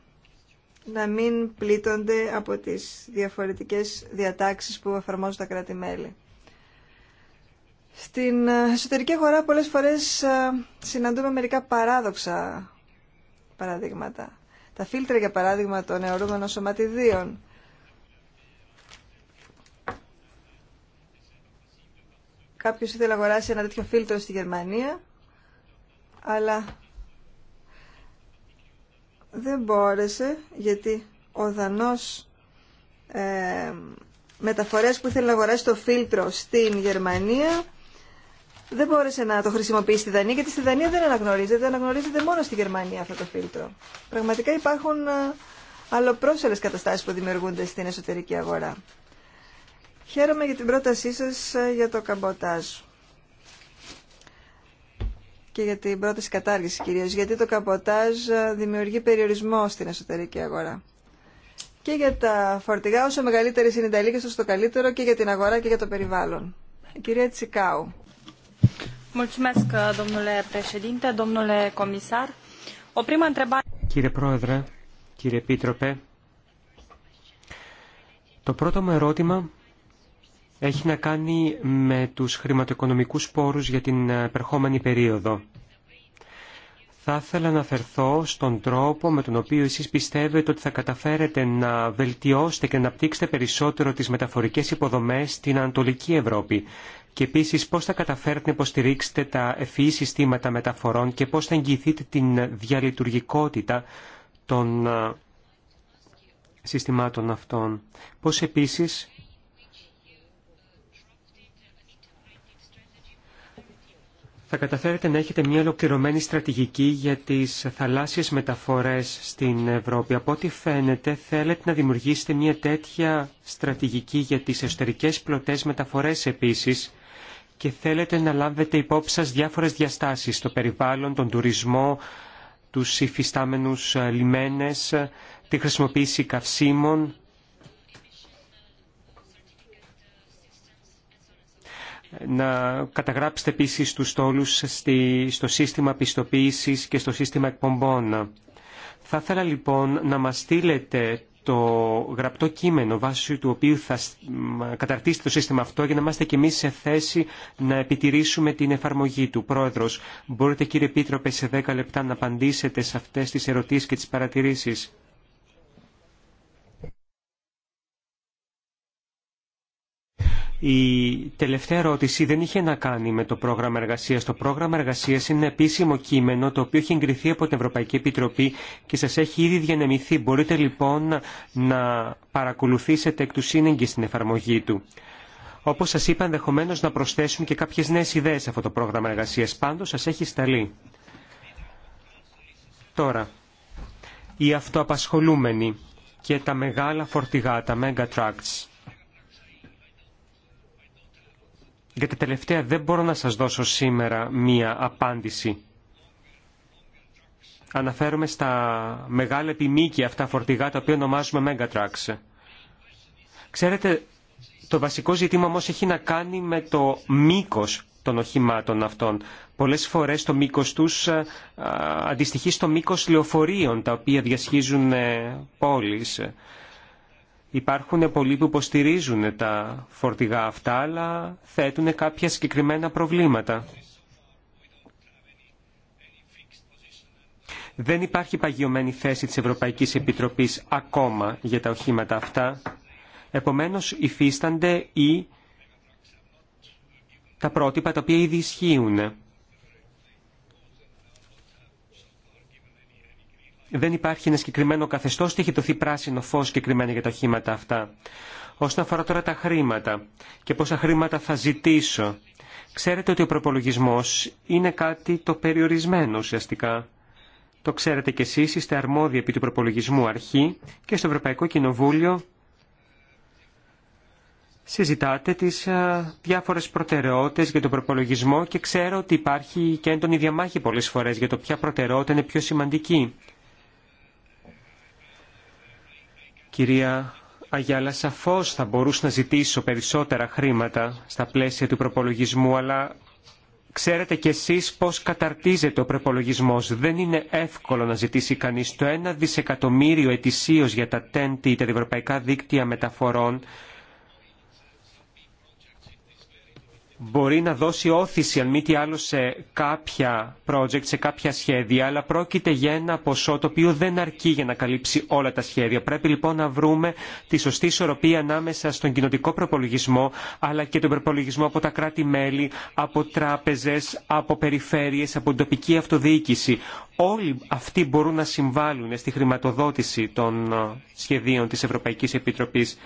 να μην πλήττονται από τις διαφορετικές διατάξεις που εφαρμόζουν τα κράτη-μέλη. Στην ε, εσωτερική αγορά πολλές φορές ε, συναντούμε μερικά παράδοξα παραδείγματα. Τα φίλτρα, για παράδειγμα, των αιωρούμενων σωματιδίων. Κάποιος ήθελε να αγοράσει ένα τέτοιο φίλτρο στη Γερμανία, αλλά δεν μπόρεσε γιατί ο Δανός ε, μεταφορές που ήθελε να αγοράσει το φίλτρο στην Γερμανία δεν μπόρεσε να το χρησιμοποιήσει στη Δανία, γιατί στη Δανία δεν αναγνωρίζεται, αναγνωρίζεται μόνο στη Γερμανία αυτό το φίλτρο. Πραγματικά υπάρχουν αλλοπρόσελες καταστάσει που δημιουργούνται στην εσωτερική αγορά. Χαίρομαι για την πρότασή σα για το καμποτάζ και για την πρόταση κατάργηση κυρίω γιατί το καμποτάζ δημιουργεί περιορισμό στην εσωτερική αγορά. Και για τα φορτηγά, όσο μεγαλύτερη είναι η τόσο το καλύτερο και για την αγορά και για το περιβάλλον. κυρία Τσικάου. Κύριε Πρόεδρε, κύριε Επίτροπε, το πρώτο μου ερώτημα έχει να κάνει με τους χρηματοοικονομικούς πόρους για την ε, περχόμενη περίοδο. Θα ήθελα να αφαιρθώ στον τρόπο με τον οποίο εσείς πιστεύετε ότι θα καταφέρετε να βελτιώσετε και να αναπτύξετε περισσότερο τις μεταφορικές υποδομές στην Ανατολική Ευρώπη και επίσης πώς θα καταφέρετε να υποστηρίξετε τα ευφυή e συστήματα μεταφορών και πώς θα εγγυηθείτε την διαλειτουργικότητα των ε, συστημάτων αυτών. Πώς επίσης θα καταφέρετε να έχετε μια ολοκληρωμένη στρατηγική για τις θαλάσσιες μεταφορές στην Ευρώπη. Από ό,τι φαίνεται θέλετε να δημιουργήσετε μια τέτοια στρατηγική για τις εσωτερικές πλωτές μεταφορές επίσης και θέλετε να λάβετε υπόψη σας διάφορες διαστάσεις, το περιβάλλον, τον τουρισμό, τους υφιστάμενους ε, λιμένες, ε, τη χρησιμοποίηση καυσίμων. Να καταγράψετε επίσης τους τόλους στο σύστημα πιστοποίησης και στο σύστημα εκπομπών. Θα ήθελα λοιπόν να μας στείλετε το γραπτό κείμενο βάσει του οποίου θα καταρτήσει το σύστημα αυτό για να είμαστε και εμείς σε θέση να επιτηρήσουμε την εφαρμογή του. Πρόεδρος, μπορείτε κύριε Επίτροπε σε 10 λεπτά να απαντήσετε σε αυτές τις ερωτήσεις και τις παρατηρήσεις. Η τελευταία ερώτηση δεν είχε να κάνει με το πρόγραμμα εργασία. Το πρόγραμμα εργασία είναι επίσημο κείμενο το οποίο έχει εγκριθεί από την Ευρωπαϊκή Επιτροπή και σα έχει ήδη διανεμηθεί. Μπορείτε λοιπόν να παρακολουθήσετε εκ του σύνεγγυ στην εφαρμογή του. Όπω σα είπα, ενδεχομένω να προσθέσουν και κάποιε νέε ιδέε σε αυτό το πρόγραμμα εργασία. Πάντω σα έχει σταλεί. Τώρα, οι αυτοαπασχολούμενοι και τα μεγάλα φορτηγά, τα mega trucks Για τα τελευταία δεν μπορώ να σας δώσω σήμερα μία απάντηση. Αναφέρομαι στα μεγάλα επιμήκια αυτά φορτηγά τα οποία ονομάζουμε Megatrax. Ξέρετε, το βασικό ζήτημα όμως έχει να κάνει με το μήκος των οχημάτων αυτών. Πολλές φορές το μήκος τους αντιστοιχεί στο μήκος λεωφορείων τα οποία διασχίζουν ε, πόλεις. Υπάρχουν πολλοί που υποστηρίζουν τα φορτηγά αυτά, αλλά θέτουν κάποια συγκεκριμένα προβλήματα. Δεν υπάρχει παγιωμένη θέση της Ευρωπαϊκής Επιτροπής ακόμα για τα οχήματα αυτά. Επομένως υφίστανται ή τα πρότυπα τα οποία ήδη ισχύουν. δεν υπάρχει ένα συγκεκριμένο καθεστώ και έχει δοθεί πράσινο φω συγκεκριμένα για τα οχήματα αυτά. Όσον αφορά τώρα τα χρήματα και πόσα χρήματα θα ζητήσω, ξέρετε ότι ο προπολογισμό είναι κάτι το περιορισμένο ουσιαστικά. Το ξέρετε κι εσεί, είστε αρμόδιοι επί του προπολογισμού αρχή και στο Ευρωπαϊκό Κοινοβούλιο συζητάτε τις α, διάφορες προτεραιότητες για τον προπολογισμό και ξέρω ότι υπάρχει και έντονη διαμάχη πολλές φορές για το ποια προτεραιότητα είναι πιο σημαντική. Κυρία Αγιάλα, σαφώς θα μπορούσα να ζητήσω περισσότερα χρήματα στα πλαίσια του προπολογισμού, αλλά Ξέρετε κι εσείς πώς καταρτίζεται ο προπολογισμός. Δεν είναι εύκολο να ζητήσει κανείς το ένα δισεκατομμύριο ετησίως για τα τέντη t τα ευρωπαϊκά δίκτυα μεταφορών, μπορεί να δώσει όθηση αν μη τι άλλο σε κάποια project, σε κάποια σχέδια, αλλά πρόκειται για ένα ποσό το οποίο δεν αρκεί για να καλύψει όλα τα σχέδια. Πρέπει λοιπόν να βρούμε τη σωστή ισορροπία ανάμεσα στον κοινοτικό προπολογισμό, αλλά και τον προπολογισμό από τα κράτη-μέλη, από τράπεζες, από περιφέρειες, από την τοπική αυτοδιοίκηση. Όλοι αυτοί μπορούν να συμβάλλουν στη χρηματοδότηση των ε, σχεδίων της Ευρωπαϊκής Επιτροπής.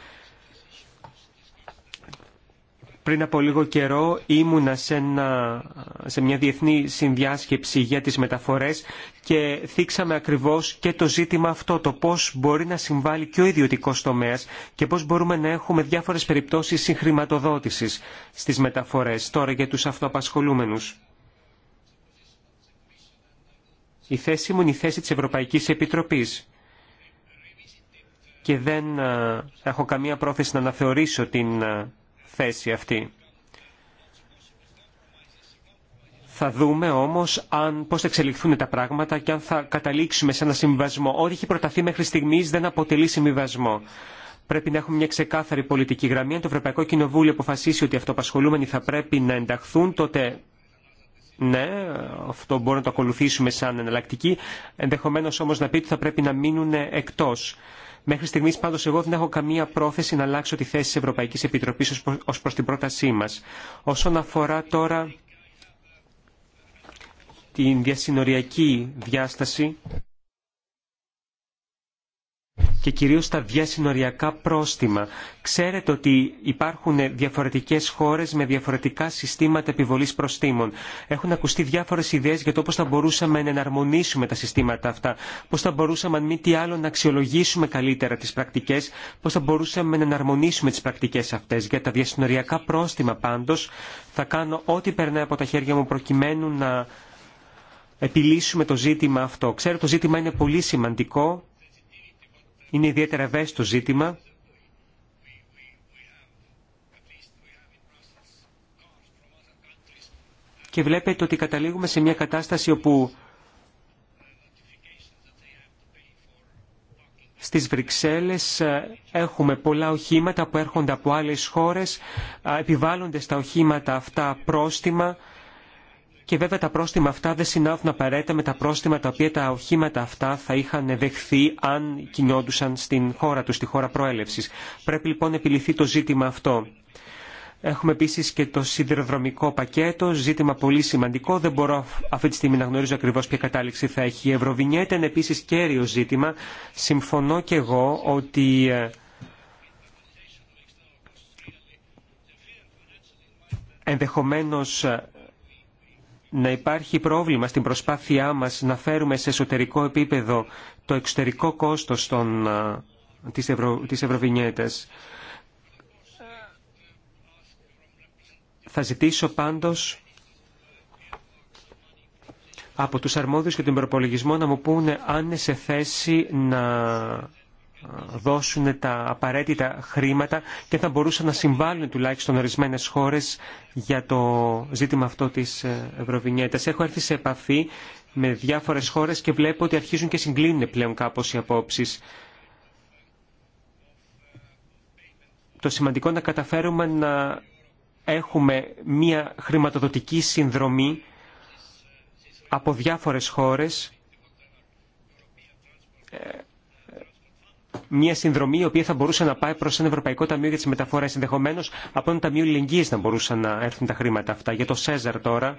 Πριν από λίγο καιρό ήμουνα σε, ένα, σε μια διεθνή συνδιάσκεψη για τις μεταφορές και θίξαμε ακριβώς και το ζήτημα αυτό, το πώς μπορεί να συμβάλλει και ο ιδιωτικός τομέας και πώς μπορούμε να έχουμε διάφορες περιπτώσεις συγχρηματοδότησης στις μεταφορές, τώρα για τους αυτοαπασχολούμενους. Η θέση μου είναι η θέση της Ευρωπαϊκής Επιτροπής και δεν ε, έχω καμία πρόθεση να αναθεωρήσω την ε, θέση αυτή. Θα δούμε όμως αν, πώς θα εξελιχθούν τα πράγματα και αν θα καταλήξουμε σε ένα συμβιβασμό. Ό,τι έχει προταθεί μέχρι στιγμής δεν αποτελεί συμβιβασμό. Πρέπει να έχουμε μια ξεκάθαρη πολιτική γραμμή. Αν το Ευρωπαϊκό Κοινοβούλιο αποφασίσει ότι αυτοπασχολούμενοι θα πρέπει να ενταχθούν, τότε ναι, αυτό μπορούμε να το ακολουθήσουμε σαν εναλλακτική. Ενδεχομένως όμως να πει ότι θα πρέπει να μείνουν εκτός. Μέχρι στιγμή πάντω εγώ δεν έχω καμία πρόθεση να αλλάξω τη θέση τη Ευρωπαϊκή Επιτροπή ω προ την πρότασή μα. Όσον αφορά τώρα την διασυνοριακή διάσταση, και κυρίως τα διασυνοριακά πρόστιμα. Ξέρετε ότι υπάρχουν διαφορετικές χώρες με διαφορετικά συστήματα επιβολής προστήμων. Έχουν ακουστεί διάφορες ιδέες για το πώς θα μπορούσαμε να εναρμονίσουμε τα συστήματα αυτά, πώς θα μπορούσαμε αν μη τι άλλο να αξιολογήσουμε καλύτερα τις πρακτικές, πώς θα μπορούσαμε να εναρμονίσουμε τις πρακτικές αυτές. Για τα διασυνοριακά πρόστιμα πάντως θα κάνω ό,τι περνάει από τα χέρια μου προκειμένου να επιλύσουμε το ζήτημα αυτό. Ξέρω το ζήτημα είναι πολύ σημαντικό είναι ιδιαίτερα ευαίσθητο ζήτημα. Και βλέπετε ότι καταλήγουμε σε μια κατάσταση όπου στις Βρυξέλλες ε, έχουμε πολλά οχήματα που έρχονται από άλλες χώρες, ε, επιβάλλονται στα οχήματα αυτά πρόστιμα και βέβαια τα πρόστιμα αυτά δεν συνάδουν απαραίτητα με τα πρόστιμα τα οποία τα οχήματα αυτά θα είχαν δεχθεί αν κινιόντουσαν στην χώρα τους, στη χώρα προέλευσης. Πρέπει λοιπόν να επιληθεί το ζήτημα αυτό. Έχουμε επίση και το σιδηροδρομικό πακέτο, ζήτημα πολύ σημαντικό. Δεν μπορώ αυτή τη στιγμή να γνωρίζω ακριβώ ποια κατάληξη θα έχει. Η Ευρωβινιέτα είναι επίση κέριο ζήτημα. Συμφωνώ και εγώ ότι. Ε, ενδεχομένω. Ε, να υπάρχει πρόβλημα στην προσπάθειά μας να φέρουμε σε εσωτερικό επίπεδο το εξωτερικό κόστος των, της, Ευρω, της Ευρωβινιέτας. Θα ζητήσω πάντως από τους αρμόδιους και τον προπολογισμό να μου πούνε αν είναι σε θέση να δώσουν τα απαραίτητα χρήματα και θα μπορούσαν να συμβάλλουν τουλάχιστον ορισμένες χώρες για το ζήτημα αυτό της ε, Ευρωβινιέτας. Έχω έρθει σε επαφή με διάφορες χώρες και βλέπω ότι αρχίζουν και συγκλίνουν πλέον κάπως οι απόψεις. Το σημαντικό να καταφέρουμε να έχουμε μία χρηματοδοτική συνδρομή από διάφορες χώρες ε, μια συνδρομή η οποία θα μπορούσε να πάει προ ένα Ευρωπαϊκό Ταμείο για τι Μεταφορέ. Ενδεχομένω από ένα Ταμείο Λιλεγγύη να μπορούσαν να έρθουν τα χρήματα αυτά. Για το ΣΕΖΑΡ τώρα.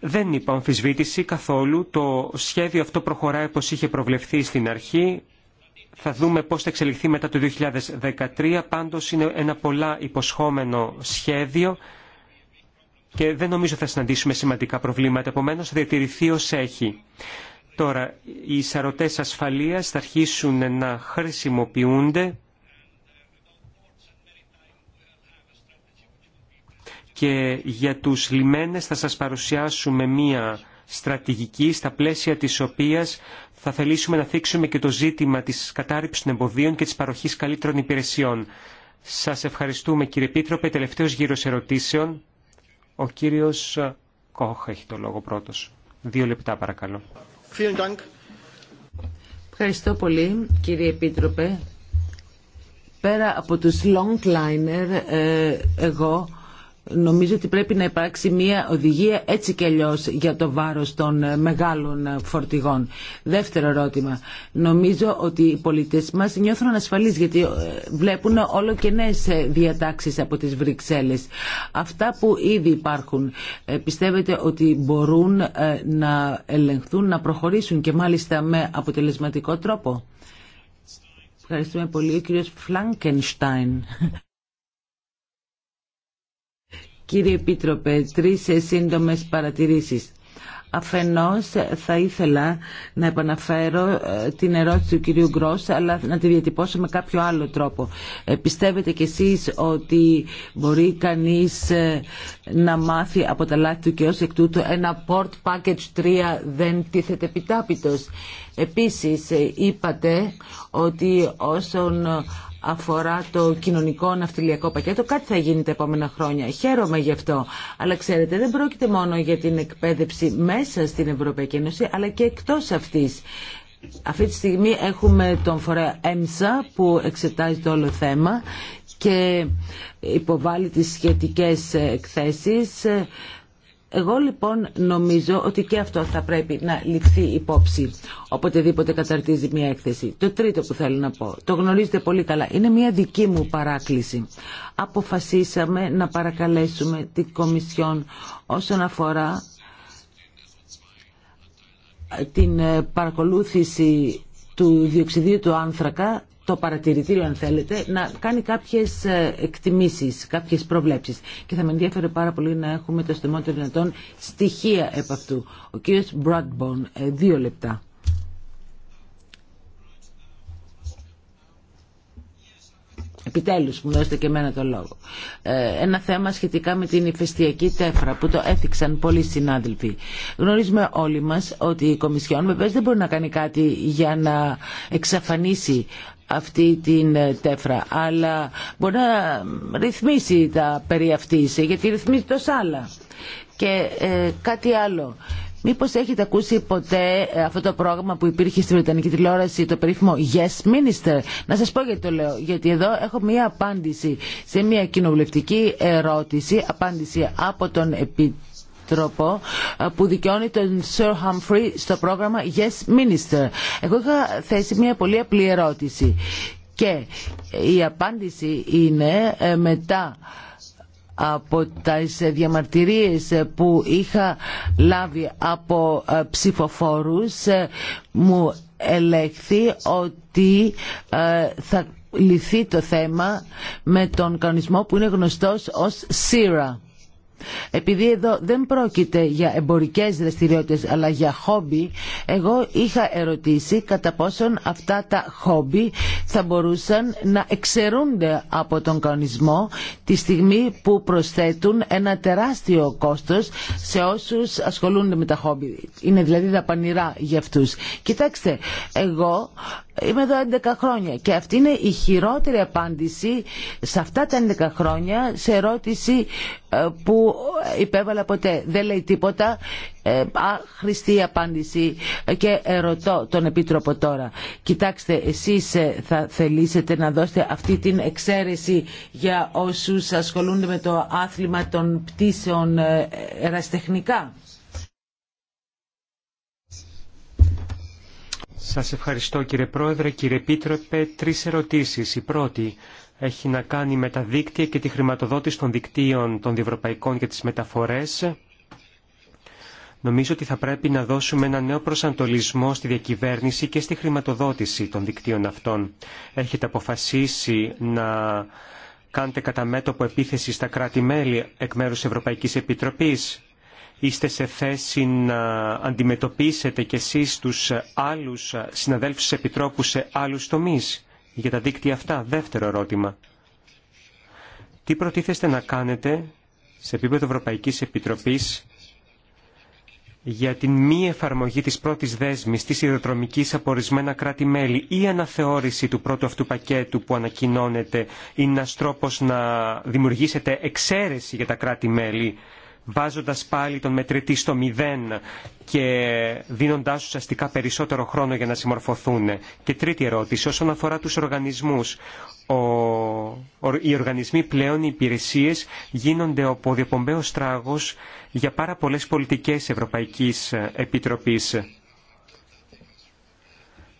Δεν είπα αμφισβήτηση καθόλου. Το σχέδιο αυτό προχωράει όπω είχε προβλεφθεί στην αρχή. Θα δούμε πώ θα εξελιχθεί μετά το 2013. Πάντω είναι ένα πολλά υποσχόμενο σχέδιο και δεν νομίζω θα συναντήσουμε σημαντικά προβλήματα. Επομένω, θα διατηρηθεί ω έχει. Τώρα, οι σαρωτές ασφαλείας θα αρχίσουν να χρησιμοποιούνται και για τους λιμένες θα σας παρουσιάσουμε μία στρατηγική στα πλαίσια της οποίας θα θελήσουμε να θίξουμε και το ζήτημα της κατάρριψης των εμποδίων και της παροχής καλύτερων υπηρεσιών. Σας ευχαριστούμε κύριε Πίτροπε. Τελευταίος γύρος ερωτήσεων. Ο κύριος Κόχ έχει το λόγο πρώτος. Δύο λεπτά παρακαλώ. Ευχαριστώ πολύ κύριε Επίτροπε. Πέρα από τους long ε, εγώ Νομίζω ότι πρέπει να υπάρξει μια οδηγία έτσι και αλλιώ για το βάρος των ε, μεγάλων ε, φορτηγών. Δεύτερο ερώτημα. Νομίζω ότι οι πολίτες μας νιώθουν ασφαλείς γιατί ε, βλέπουν όλο και νέες διατάξεις από τις Βρυξέλλες. Αυτά που ήδη υπάρχουν πιστεύετε ότι μπορούν να ελεγχθούν, να προχωρήσουν και μάλιστα με αποτελεσματικό τρόπο. Ευχαριστούμε πολύ. Ο κύριος Φλάνκενστάιν. Κύριε Επίτροπε, τρεις ε, σύντομες παρατηρήσεις. Αφενός ε, θα ήθελα να επαναφέρω ε, την ερώτηση του κυρίου Γκρός αλλά να τη διατυπώσω με κάποιο άλλο τρόπο. Πιστεύετε κι εσείς ότι μπορεί κανείς να μάθει από τα λάθη του και ω εκ τούτου ένα port package 3 δεν τίθεται επιτάπητος. Επίσης είπατε ότι όσον αφορά το κοινωνικό ναυτιλιακό πακέτο. Κάτι θα γίνει τα επόμενα χρόνια. Χαίρομαι γι' αυτό. Αλλά ξέρετε, δεν πρόκειται μόνο για την εκπαίδευση μέσα στην Ευρωπαϊκή Ένωση, αλλά και εκτός αυτής. Αυτή τη στιγμή έχουμε τον φορέα ΕΜΣΑ που εξετάζει το όλο θέμα και υποβάλλει τις σχετικές εκθέσεις. Εγώ λοιπόν νομίζω ότι και αυτό θα πρέπει να ληφθεί υπόψη οποτεδήποτε καταρτίζει μια έκθεση. Το τρίτο που θέλω να πω, το γνωρίζετε πολύ καλά, είναι μια δική μου παράκληση. Αποφασίσαμε να παρακαλέσουμε την Κομισιόν όσον αφορά ε, την ε, παρακολούθηση του διοξιδίου του άνθρακα το παρατηρητήριο αν θέλετε να κάνει κάποιες ε, εκτιμήσεις, κάποιες προβλέψεις και θα με ενδιαφέρε πάρα πολύ να έχουμε το στιγμό των δυνατών στοιχεία επ' αυτού. Ο κύριος Μπραντμπον, ε, δύο λεπτά. επιτέλους μου δώσετε και εμένα το λόγο. Ε, ένα θέμα σχετικά με την ηφαιστειακή τέφρα που το έθιξαν πολλοί συνάδελφοι. Γνωρίζουμε όλοι μας ότι η Κομισιόν βεβαίω δεν μπορεί να κάνει κάτι για να εξαφανίσει αυτή την ε, τέφρα αλλά μπορεί να ρυθμίσει τα περί αυτής ε, γιατί ρυθμίζει τόσο άλλα και κάτι άλλο Μήπως έχετε ακούσει ποτέ ε, αυτό το πρόγραμμα που υπήρχε στη Βρετανική τηλεόραση, το περίφημο Yes Minister. Να σας πω γιατί το λέω. Γιατί εδώ έχω μία απάντηση σε μία κοινοβουλευτική ερώτηση, απάντηση από τον Επιτροπό ε, που δικαιώνει τον Sir Humphrey στο πρόγραμμα Yes Minister. Εγώ είχα θέσει μια πολύ απλή ερώτηση και η απάντηση είναι ε, μετά από τις διαμαρτυρίες που είχα λάβει από ε, ψηφοφόρους ε, μου ελέγχθη ότι ε, θα λυθεί το θέμα με τον κανονισμό που είναι γνωστός ως ΣΥΡΑ. Επειδή εδώ δεν πρόκειται για εμπορικές δραστηριότητες αλλά για χόμπι, εγώ είχα ερωτήσει κατά πόσον αυτά τα χόμπι θα μπορούσαν να εξαιρούνται από τον κανονισμό τη στιγμή που προσθέτουν ένα τεράστιο κόστος σε όσους ασχολούνται με τα χόμπι. Είναι δηλαδή δαπανηρά για αυτούς. Κοιτάξτε, εγώ Είμαι εδώ 11 χρόνια και αυτή είναι η χειρότερη απάντηση σε αυτά τα 11 χρόνια σε ερώτηση ε, που ε, υπέβαλα ποτέ. Δεν λέει τίποτα, ε, αχρηστή απάντηση και ερωτώ τον Επίτροπο τώρα. Κοιτάξτε, εσείς θα θελήσετε να δώσετε αυτή την εξαίρεση για όσους ασχολούνται με το άθλημα των πτήσεων εραστεχνικά. Σας ευχαριστώ κύριε Πρόεδρε, κύριε Επίτροπε. Τρεις ερωτήσεις. Η πρώτη έχει να κάνει με τα δίκτυα και τη χρηματοδότηση των δικτύων των διευρωπαϊκών και τις μεταφορές. Νομίζω ότι θα πρέπει να δώσουμε ένα νέο προσανατολισμό στη διακυβέρνηση και στη χρηματοδότηση των δικτύων αυτών. Έχετε αποφασίσει να κάνετε κατά μέτωπο επίθεση στα κράτη-μέλη εκ μέρους Ευρωπαϊκής Επιτροπής είστε σε θέση να αντιμετωπίσετε κι εσείς τους άλλους συναδέλφους Επιτρόπου σε άλλους τομείς για τα δίκτυα αυτά. Δεύτερο ερώτημα. Τι προτίθεστε να κάνετε σε επίπεδο Ευρωπαϊκής Επιτροπής για την μη εφαρμογή της πρώτης δέσμης της ιδεοδρομικής από ορισμένα κράτη-μέλη ή αναθεώρηση του πρώτου αυτού πακέτου που ανακοινώνεται είναι ένας τρόπος να δημιουργήσετε εξαίρεση για τα κράτη-μέλη βάζοντας πάλι τον μετρητή στο μηδέν και δίνοντάς ουσιαστικά περισσότερο χρόνο για να συμμορφωθούν. Και τρίτη ερώτηση, όσον αφορά τους οργανισμούς. Ο... Οι οργανισμοί πλέον, οι υπηρεσίες, γίνονται ο ποδιοπομπαίος τράγος για πάρα πολλές πολιτικές Ευρωπαϊκής Επιτροπής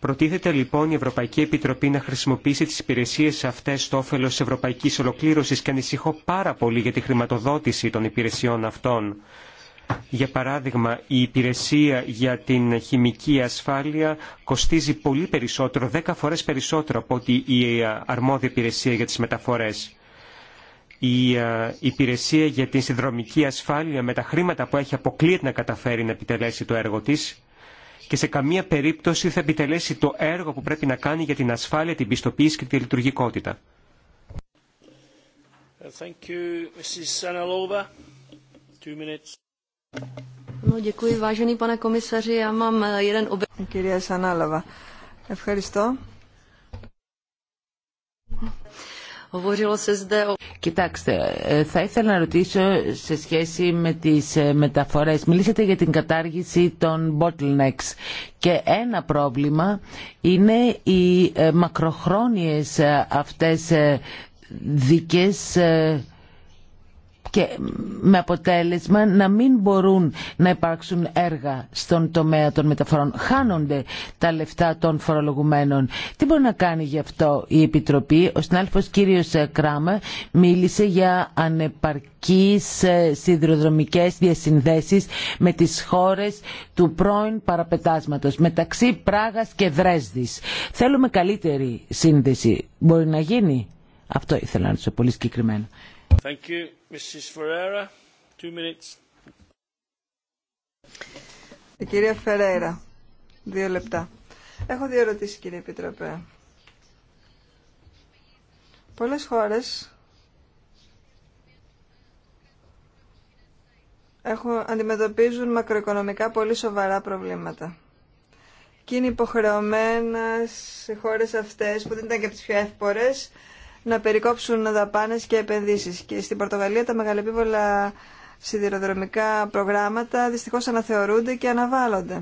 Προτίθεται λοιπόν η Ευρωπαϊκή Επιτροπή να χρησιμοποιήσει τις υπηρεσίες αυτές στο όφελος της ευρωπαϊκής ολοκλήρωσης και ανησυχώ πάρα πολύ για τη χρηματοδότηση των υπηρεσιών αυτών. Για παράδειγμα, η υπηρεσία για την χημική ασφάλεια κοστίζει πολύ περισσότερο, δέκα φορές περισσότερο από ότι η αρμόδια υπηρεσία για τις μεταφορές. Η ε, υπηρεσία για την συνδρομική ασφάλεια με τα χρήματα που έχει αποκλείεται να καταφέρει να επιτελέσει το έργο της και σε καμία περίπτωση θα επιτελέσει το έργο που πρέπει να κάνει για την ασφάλεια, την πιστοποίηση και τη λειτουργικότητα. ευχαριστώ. Κοιτάξτε, ε, θα ήθελα να ρωτήσω σε σχέση με τις ε, μεταφορές. Μιλήσατε για την κατάργηση των bottlenecks και ένα πρόβλημα είναι οι ε, μακροχρόνιες αυτές δικές και με αποτέλεσμα να μην μπορούν να υπάρξουν έργα στον τομέα των μεταφορών. Χάνονται τα λεφτά των φορολογουμένων. Τι μπορεί να κάνει γι' αυτό η Επιτροπή. Ο συνάδελφος κύριος ε, Κράμα μίλησε για ανεπαρκείς ε, σιδηροδρομικές διασυνδέσεις με τις χώρες του πρώην παραπετάσματος μεταξύ Πράγας και Δρέσδης. Θέλουμε καλύτερη σύνδεση. Μπορεί να γίνει. Αυτό ήθελα να σου πολύ συγκεκριμένα. Thank you, ε, κυρία Φεραίρα, δύο λεπτά. Έχω δύο ερωτήσει, κύριε Επιτροπέ. Πολλές χώρες έχουν, αντιμετωπίζουν μακροοικονομικά πολύ σοβαρά προβλήματα. Και είναι υποχρεωμένα σε χώρες αυτές που δεν ήταν και από πιο εύπορες να περικόψουν δαπάνε και επενδύσεις. Και στην Πορτογαλία τα μεγαλεπίβολα σιδηροδρομικά προγράμματα δυστυχώς αναθεωρούνται και αναβάλλονται.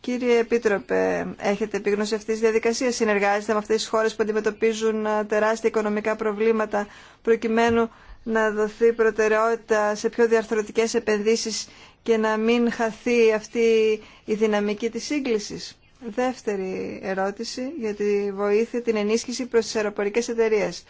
Κύριε Επίτροπε, έχετε επίγνωση αυτή τη διαδικασία. συνεργάζεστε με αυτές τι χώρες που αντιμετωπίζουν ε, τεράστια οικονομικά προβλήματα προκειμένου να δοθεί προτεραιότητα σε πιο διαρθρωτικές επενδύσεις και να μην χαθεί αυτή η δυναμική της σύγκλησης. Δεύτερη ερώτηση για τη βοήθεια, την ενίσχυση προς τις αεροπορικές εταιρείες.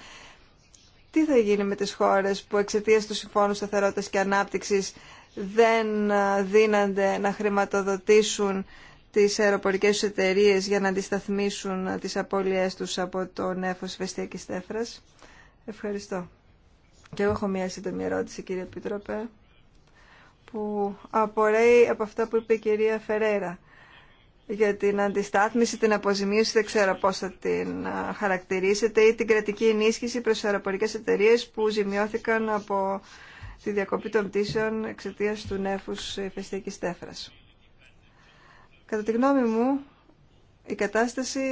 Τι θα γίνει με τις χώρες που εξαιτία του Συμφώνου Σταθερότητας και Ανάπτυξης δεν ε, δίνανται να χρηματοδοτήσουν τις αεροπορικές εταιρείες για να αντισταθμίσουν ε, τις απώλειές τους από το νέφος Βεστιακή Ευχαριστώ. Και εγώ έχω μια σύντομη ερώτηση κύριε Επιτροπέ που απορρέει από αυτά που είπε η κυρία Φερέρα για την αντιστάθμιση, την αποζημίωση, δεν ξέρω πώς θα την χαρακτηρίσετε, ή την κρατική ενίσχυση προς αεροπορικές εταιρείες που ζημιώθηκαν από τη διακοπή των πτήσεων εξαιτία του νέφους ηφαιστιακής τέφρας. Κατά τη γνώμη μου, η κατάσταση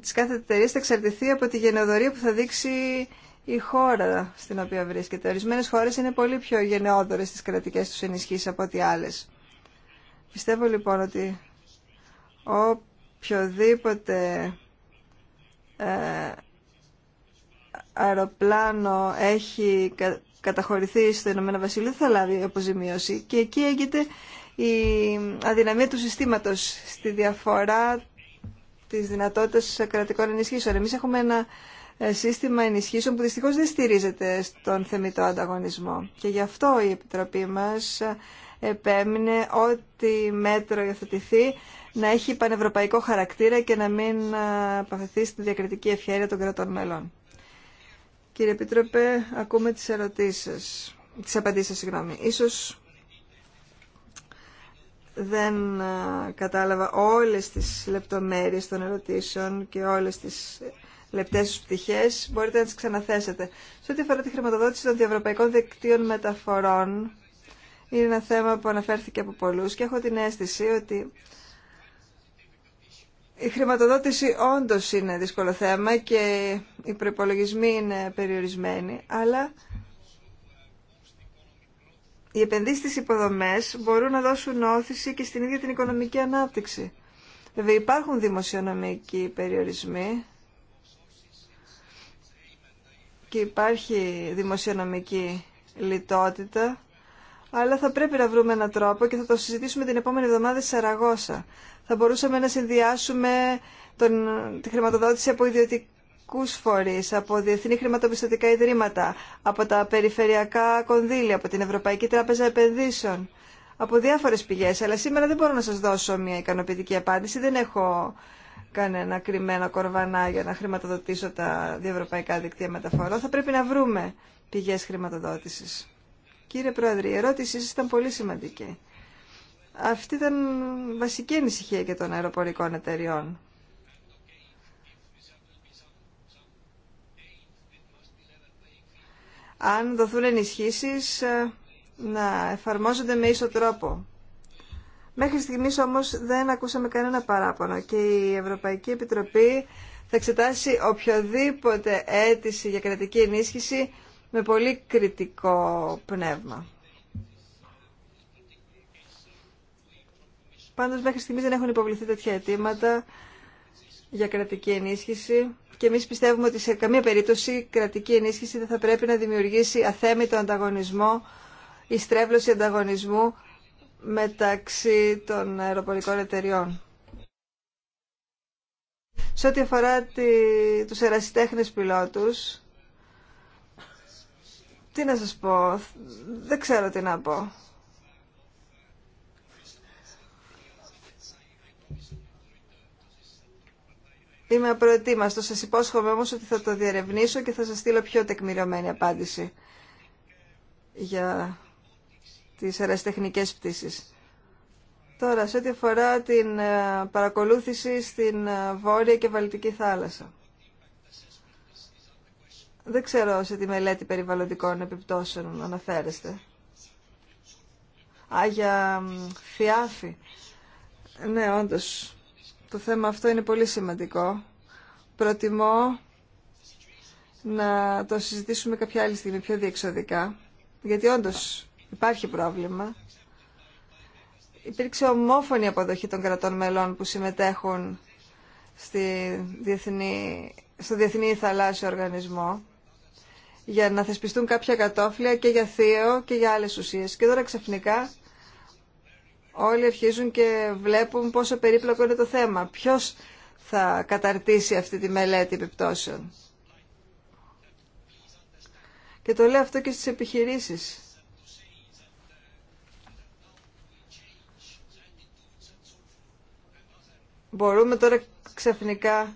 της κάθε εταιρεία θα εξαρτηθεί από τη γενεοδορία που θα δείξει η χώρα στην οποία βρίσκεται. Ορισμένε χώρες είναι πολύ πιο γενναιόδορες στις κρατικέ του ενισχύσει από ό,τι άλλε. Πιστεύω λοιπόν ότι οποιοδήποτε ε, αεροπλάνο έχει καταχωρηθεί στο Ηνωμένο Βασίλειο θα λάβει αποζημίωση και εκεί έγκυται η αδυναμία του συστήματος στη διαφορά της δυνατότητας κρατικών ενισχύσεων. Εμείς έχουμε ένα ε, σύστημα ενισχύσεων που δυστυχώς δεν στηρίζεται στον θεμητό ανταγωνισμό. Και γι' αυτό η Επιτροπή μας επέμεινε ότι μέτρο υιοθετηθεί να έχει πανευρωπαϊκό χαρακτήρα και να μην παθαθεί στη διακριτική ευχαίρεια των κρατών μελών. Κύριε Επίτροπε, ακούμε τις ερωτήσεις, τις απαντήσεις Ίσως δεν κατάλαβα όλες τις λεπτομέρειες των ερωτήσεων και όλες τις λεπτές τους πτυχές. Μπορείτε να τις ξαναθέσετε. Σε ό,τι αφορά τη χρηματοδότηση των διευρωπαϊκών δικτύων μεταφορών, είναι ένα θέμα που αναφέρθηκε από πολλούς και έχω την αίσθηση ότι η χρηματοδότηση όντως είναι δύσκολο θέμα και οι προπολογισμοί είναι περιορισμένοι, αλλά οι επενδύσεις στις υποδομές μπορούν να δώσουν όθηση και στην ίδια την οικονομική ανάπτυξη. Βέβαια υπάρχουν δημοσιονομικοί περιορισμοί και υπάρχει δημοσιονομική λιτότητα αλλά θα πρέπει να βρούμε έναν τρόπο και θα το συζητήσουμε την επόμενη εβδομάδα σε Σαραγώσα. Θα μπορούσαμε να συνδυάσουμε τον, τη χρηματοδότηση από ιδιωτικού φορεί, από διεθνή χρηματοπιστωτικά ιδρύματα, από τα περιφερειακά κονδύλια, από την Ευρωπαϊκή Τράπεζα Επενδύσεων, από διάφορε πηγέ. Αλλά σήμερα δεν μπορώ να σα δώσω μια ικανοποιητική απάντηση. Δεν έχω κανένα κρυμμένο κορβανά για να χρηματοδοτήσω τα διευρωπαϊκά δικτύα μεταφορών. Θα πρέπει να βρούμε πηγές χρηματοδότησης. Κύριε Πρόεδρε, η ερώτησή σα ήταν πολύ σημαντική. Αυτή ήταν βασική ανησυχία και των αεροπορικών εταιριών. Αν δοθούν ενισχύσεις, ε, να εφαρμόζονται με ίσο τρόπο. Μέχρι στιγμής όμως δεν ακούσαμε κανένα παράπονο και η Ευρωπαϊκή Επιτροπή θα εξετάσει οποιοδήποτε αίτηση για κρατική ενίσχυση με πολύ κριτικό πνεύμα. Πάντως μέχρι στιγμής δεν έχουν υποβληθεί τέτοια αιτήματα για κρατική ενίσχυση και εμείς πιστεύουμε ότι σε καμία περίπτωση κρατική ενίσχυση δεν θα πρέπει να δημιουργήσει αθέμητο ανταγωνισμό ή στρέβλωση ανταγωνισμού μεταξύ των αεροπορικών εταιριών. Σε ό,τι αφορά τη, τους ερασιτέχνες πιλότους, τι να σας πω, δεν ξέρω τι να πω. Είμαι απροετοίμαστο. Σας υπόσχομαι όμως ότι θα το διερευνήσω και θα σας στείλω πιο τεκμηριωμένη απάντηση για τις αεραστεχνικές πτήσεις. Τώρα, σε ό,τι αφορά την ε, παρακολούθηση στην ε, Βόρεια και Βαλτική θάλασσα. Δεν ξέρω σε τη μελέτη περιβαλλοντικών επιπτώσεων αναφέρεστε. Άγια φιάφη. Ναι, όντως, το θέμα αυτό είναι πολύ σημαντικό. Προτιμώ να το συζητήσουμε κάποια άλλη στιγμή πιο διεξοδικά, γιατί όντως υπάρχει πρόβλημα. Υπήρξε ομόφωνη αποδοχή των κρατών μελών που συμμετέχουν στη διεθνή, στο Διεθνή Θαλάσσιο Οργανισμό για να θεσπιστούν κάποια κατόφλια και για θείο και για άλλες ουσίες. Και τώρα ξαφνικά όλοι αρχίζουν και βλέπουν πόσο περίπλοκο είναι το θέμα. Ποιος θα καταρτήσει αυτή τη μελέτη επιπτώσεων. Και το λέω αυτό και στις επιχειρήσεις. Μπορούμε τώρα ξαφνικά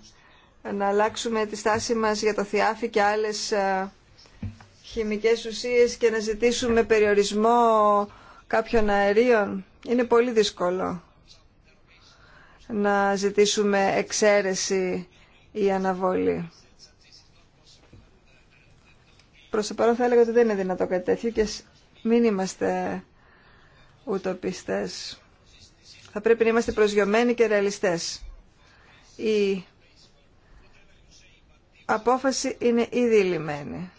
να αλλάξουμε τη στάση μας για το θιάφι και άλλες ε, χημικές ουσίες και να ζητήσουμε περιορισμό κάποιων αερίων. Είναι πολύ δύσκολο να ζητήσουμε εξαίρεση ή αναβολή. Προς το παρόν θα έλεγα ότι δεν είναι δυνατό κάτι τέτοιο και μην είμαστε ουτοπιστές. Θα πρέπει να είμαστε προσγειωμένοι και ρεαλιστές. Η απόφαση είναι ήδη λυμένη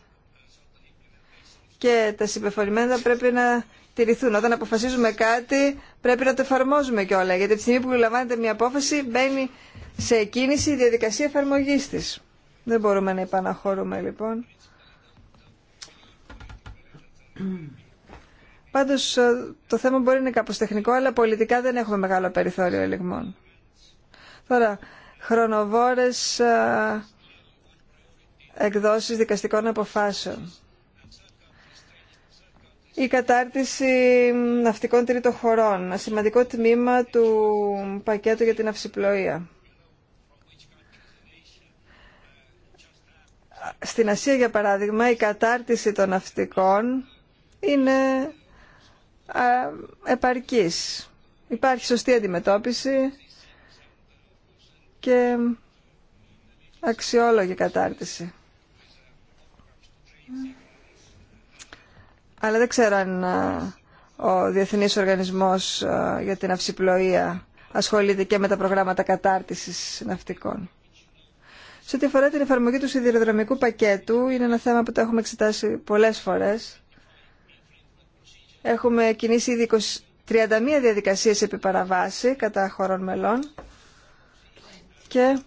και τα συμπεριφορημένα πρέπει να τηρηθούν. Όταν αποφασίζουμε κάτι πρέπει να το εφαρμόζουμε κιόλα. Γιατί τη στιγμή που λαμβάνεται μια απόφαση μπαίνει σε κίνηση η διαδικασία εφαρμογή τη. Δεν μπορούμε να επαναχωρούμε λοιπόν. Πάντω το θέμα μπορεί να είναι κάπω τεχνικό, αλλά πολιτικά δεν έχουμε μεγάλο περιθώριο ελιγμών. Τώρα, χρονοβόρε ε, εκδόσει δικαστικών αποφάσεων η κατάρτιση ναυτικών τρίτων χωρών, σημαντικό τμήμα του πακέτου για την αυσιπλοεία. Στην Ασία, για παράδειγμα, η κατάρτιση των ναυτικών είναι επαρκής. Υπάρχει σωστή αντιμετώπιση και αξιόλογη κατάρτιση αλλά δεν ξέρω αν ο Διεθνής Οργανισμός για την Αυσιπλοεία ασχολείται και με τα προγράμματα κατάρτισης ναυτικών. Σε ό,τι αφορά την εφαρμογή του σιδηροδρομικού πακέτου, είναι ένα θέμα που το έχουμε εξετάσει πολλές φορές. Έχουμε κινήσει ήδη 31 διαδικασίες επί παραβάση κατά χωρών μελών και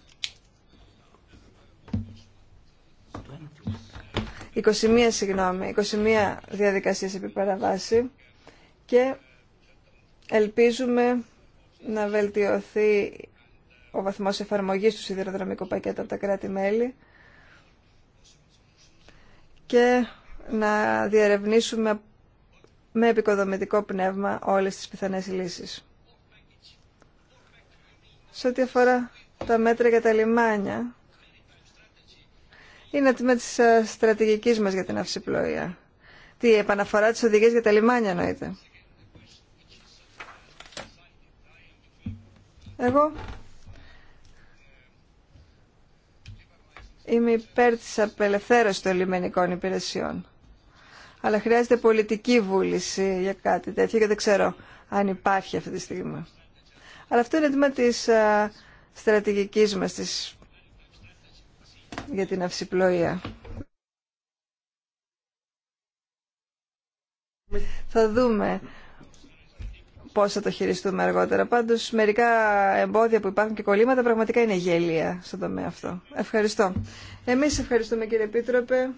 21, συγγνώμη, 21 διαδικασίες επί παραβάση και ελπίζουμε να βελτιωθεί ο βαθμός εφαρμογής του σιδηροδρομικού πακέτου από τα κράτη-μέλη και να διαρευνήσουμε με επικοδομητικό πνεύμα όλες τις πιθανές λύσεις. Σε ό,τι αφορά τα μέτρα για τα λιμάνια, είναι τμήμα τη ε, στρατηγική μα για την αυσιπλοεία. Τι επαναφορά τη οδηγία για τα λιμάνια εννοείται. Εγώ είμαι υπέρ της απελευθέρωσης των λιμενικών υπηρεσιών. Αλλά χρειάζεται πολιτική βούληση για κάτι τέτοιο και δεν ξέρω αν υπάρχει αυτή τη στιγμή. Αλλά αυτό είναι τμήμα της ε, στρατηγικής μας, της για την αυσιπλοεία. Θα δούμε πώς θα το χειριστούμε αργότερα. Πάντως, μερικά εμπόδια που υπάρχουν και κολλήματα πραγματικά είναι γελία στον τομέα αυτό. Ευχαριστώ. Εμείς ευχαριστούμε κύριε Επίτροπε.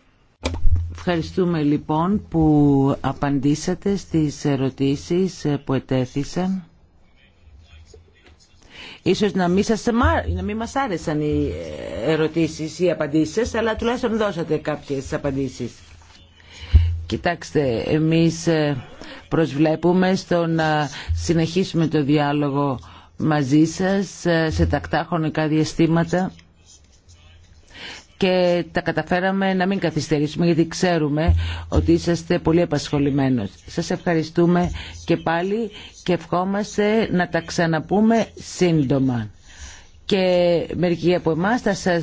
Ευχαριστούμε λοιπόν που απαντήσατε στις ερωτήσεις που ετέθησαν. Ίσως να μην, σας, να μην μας άρεσαν οι ερωτήσεις ή οι απαντήσεις αλλά τουλάχιστον δώσατε κάποιες απαντήσεις. Κοιτάξτε, εμείς ε, προσβλέπουμε στο να συνεχίσουμε το διάλογο μαζί σας ε, σε τακτά χρονικά διαστήματα και τα καταφέραμε να μην καθυστερήσουμε γιατί ξέρουμε ότι είσαστε πολύ επασχολημένος. Σας ευχαριστούμε και πάλι και ευχόμαστε να τα ξαναπούμε σύντομα. Και μερικοί από εμάς θα σας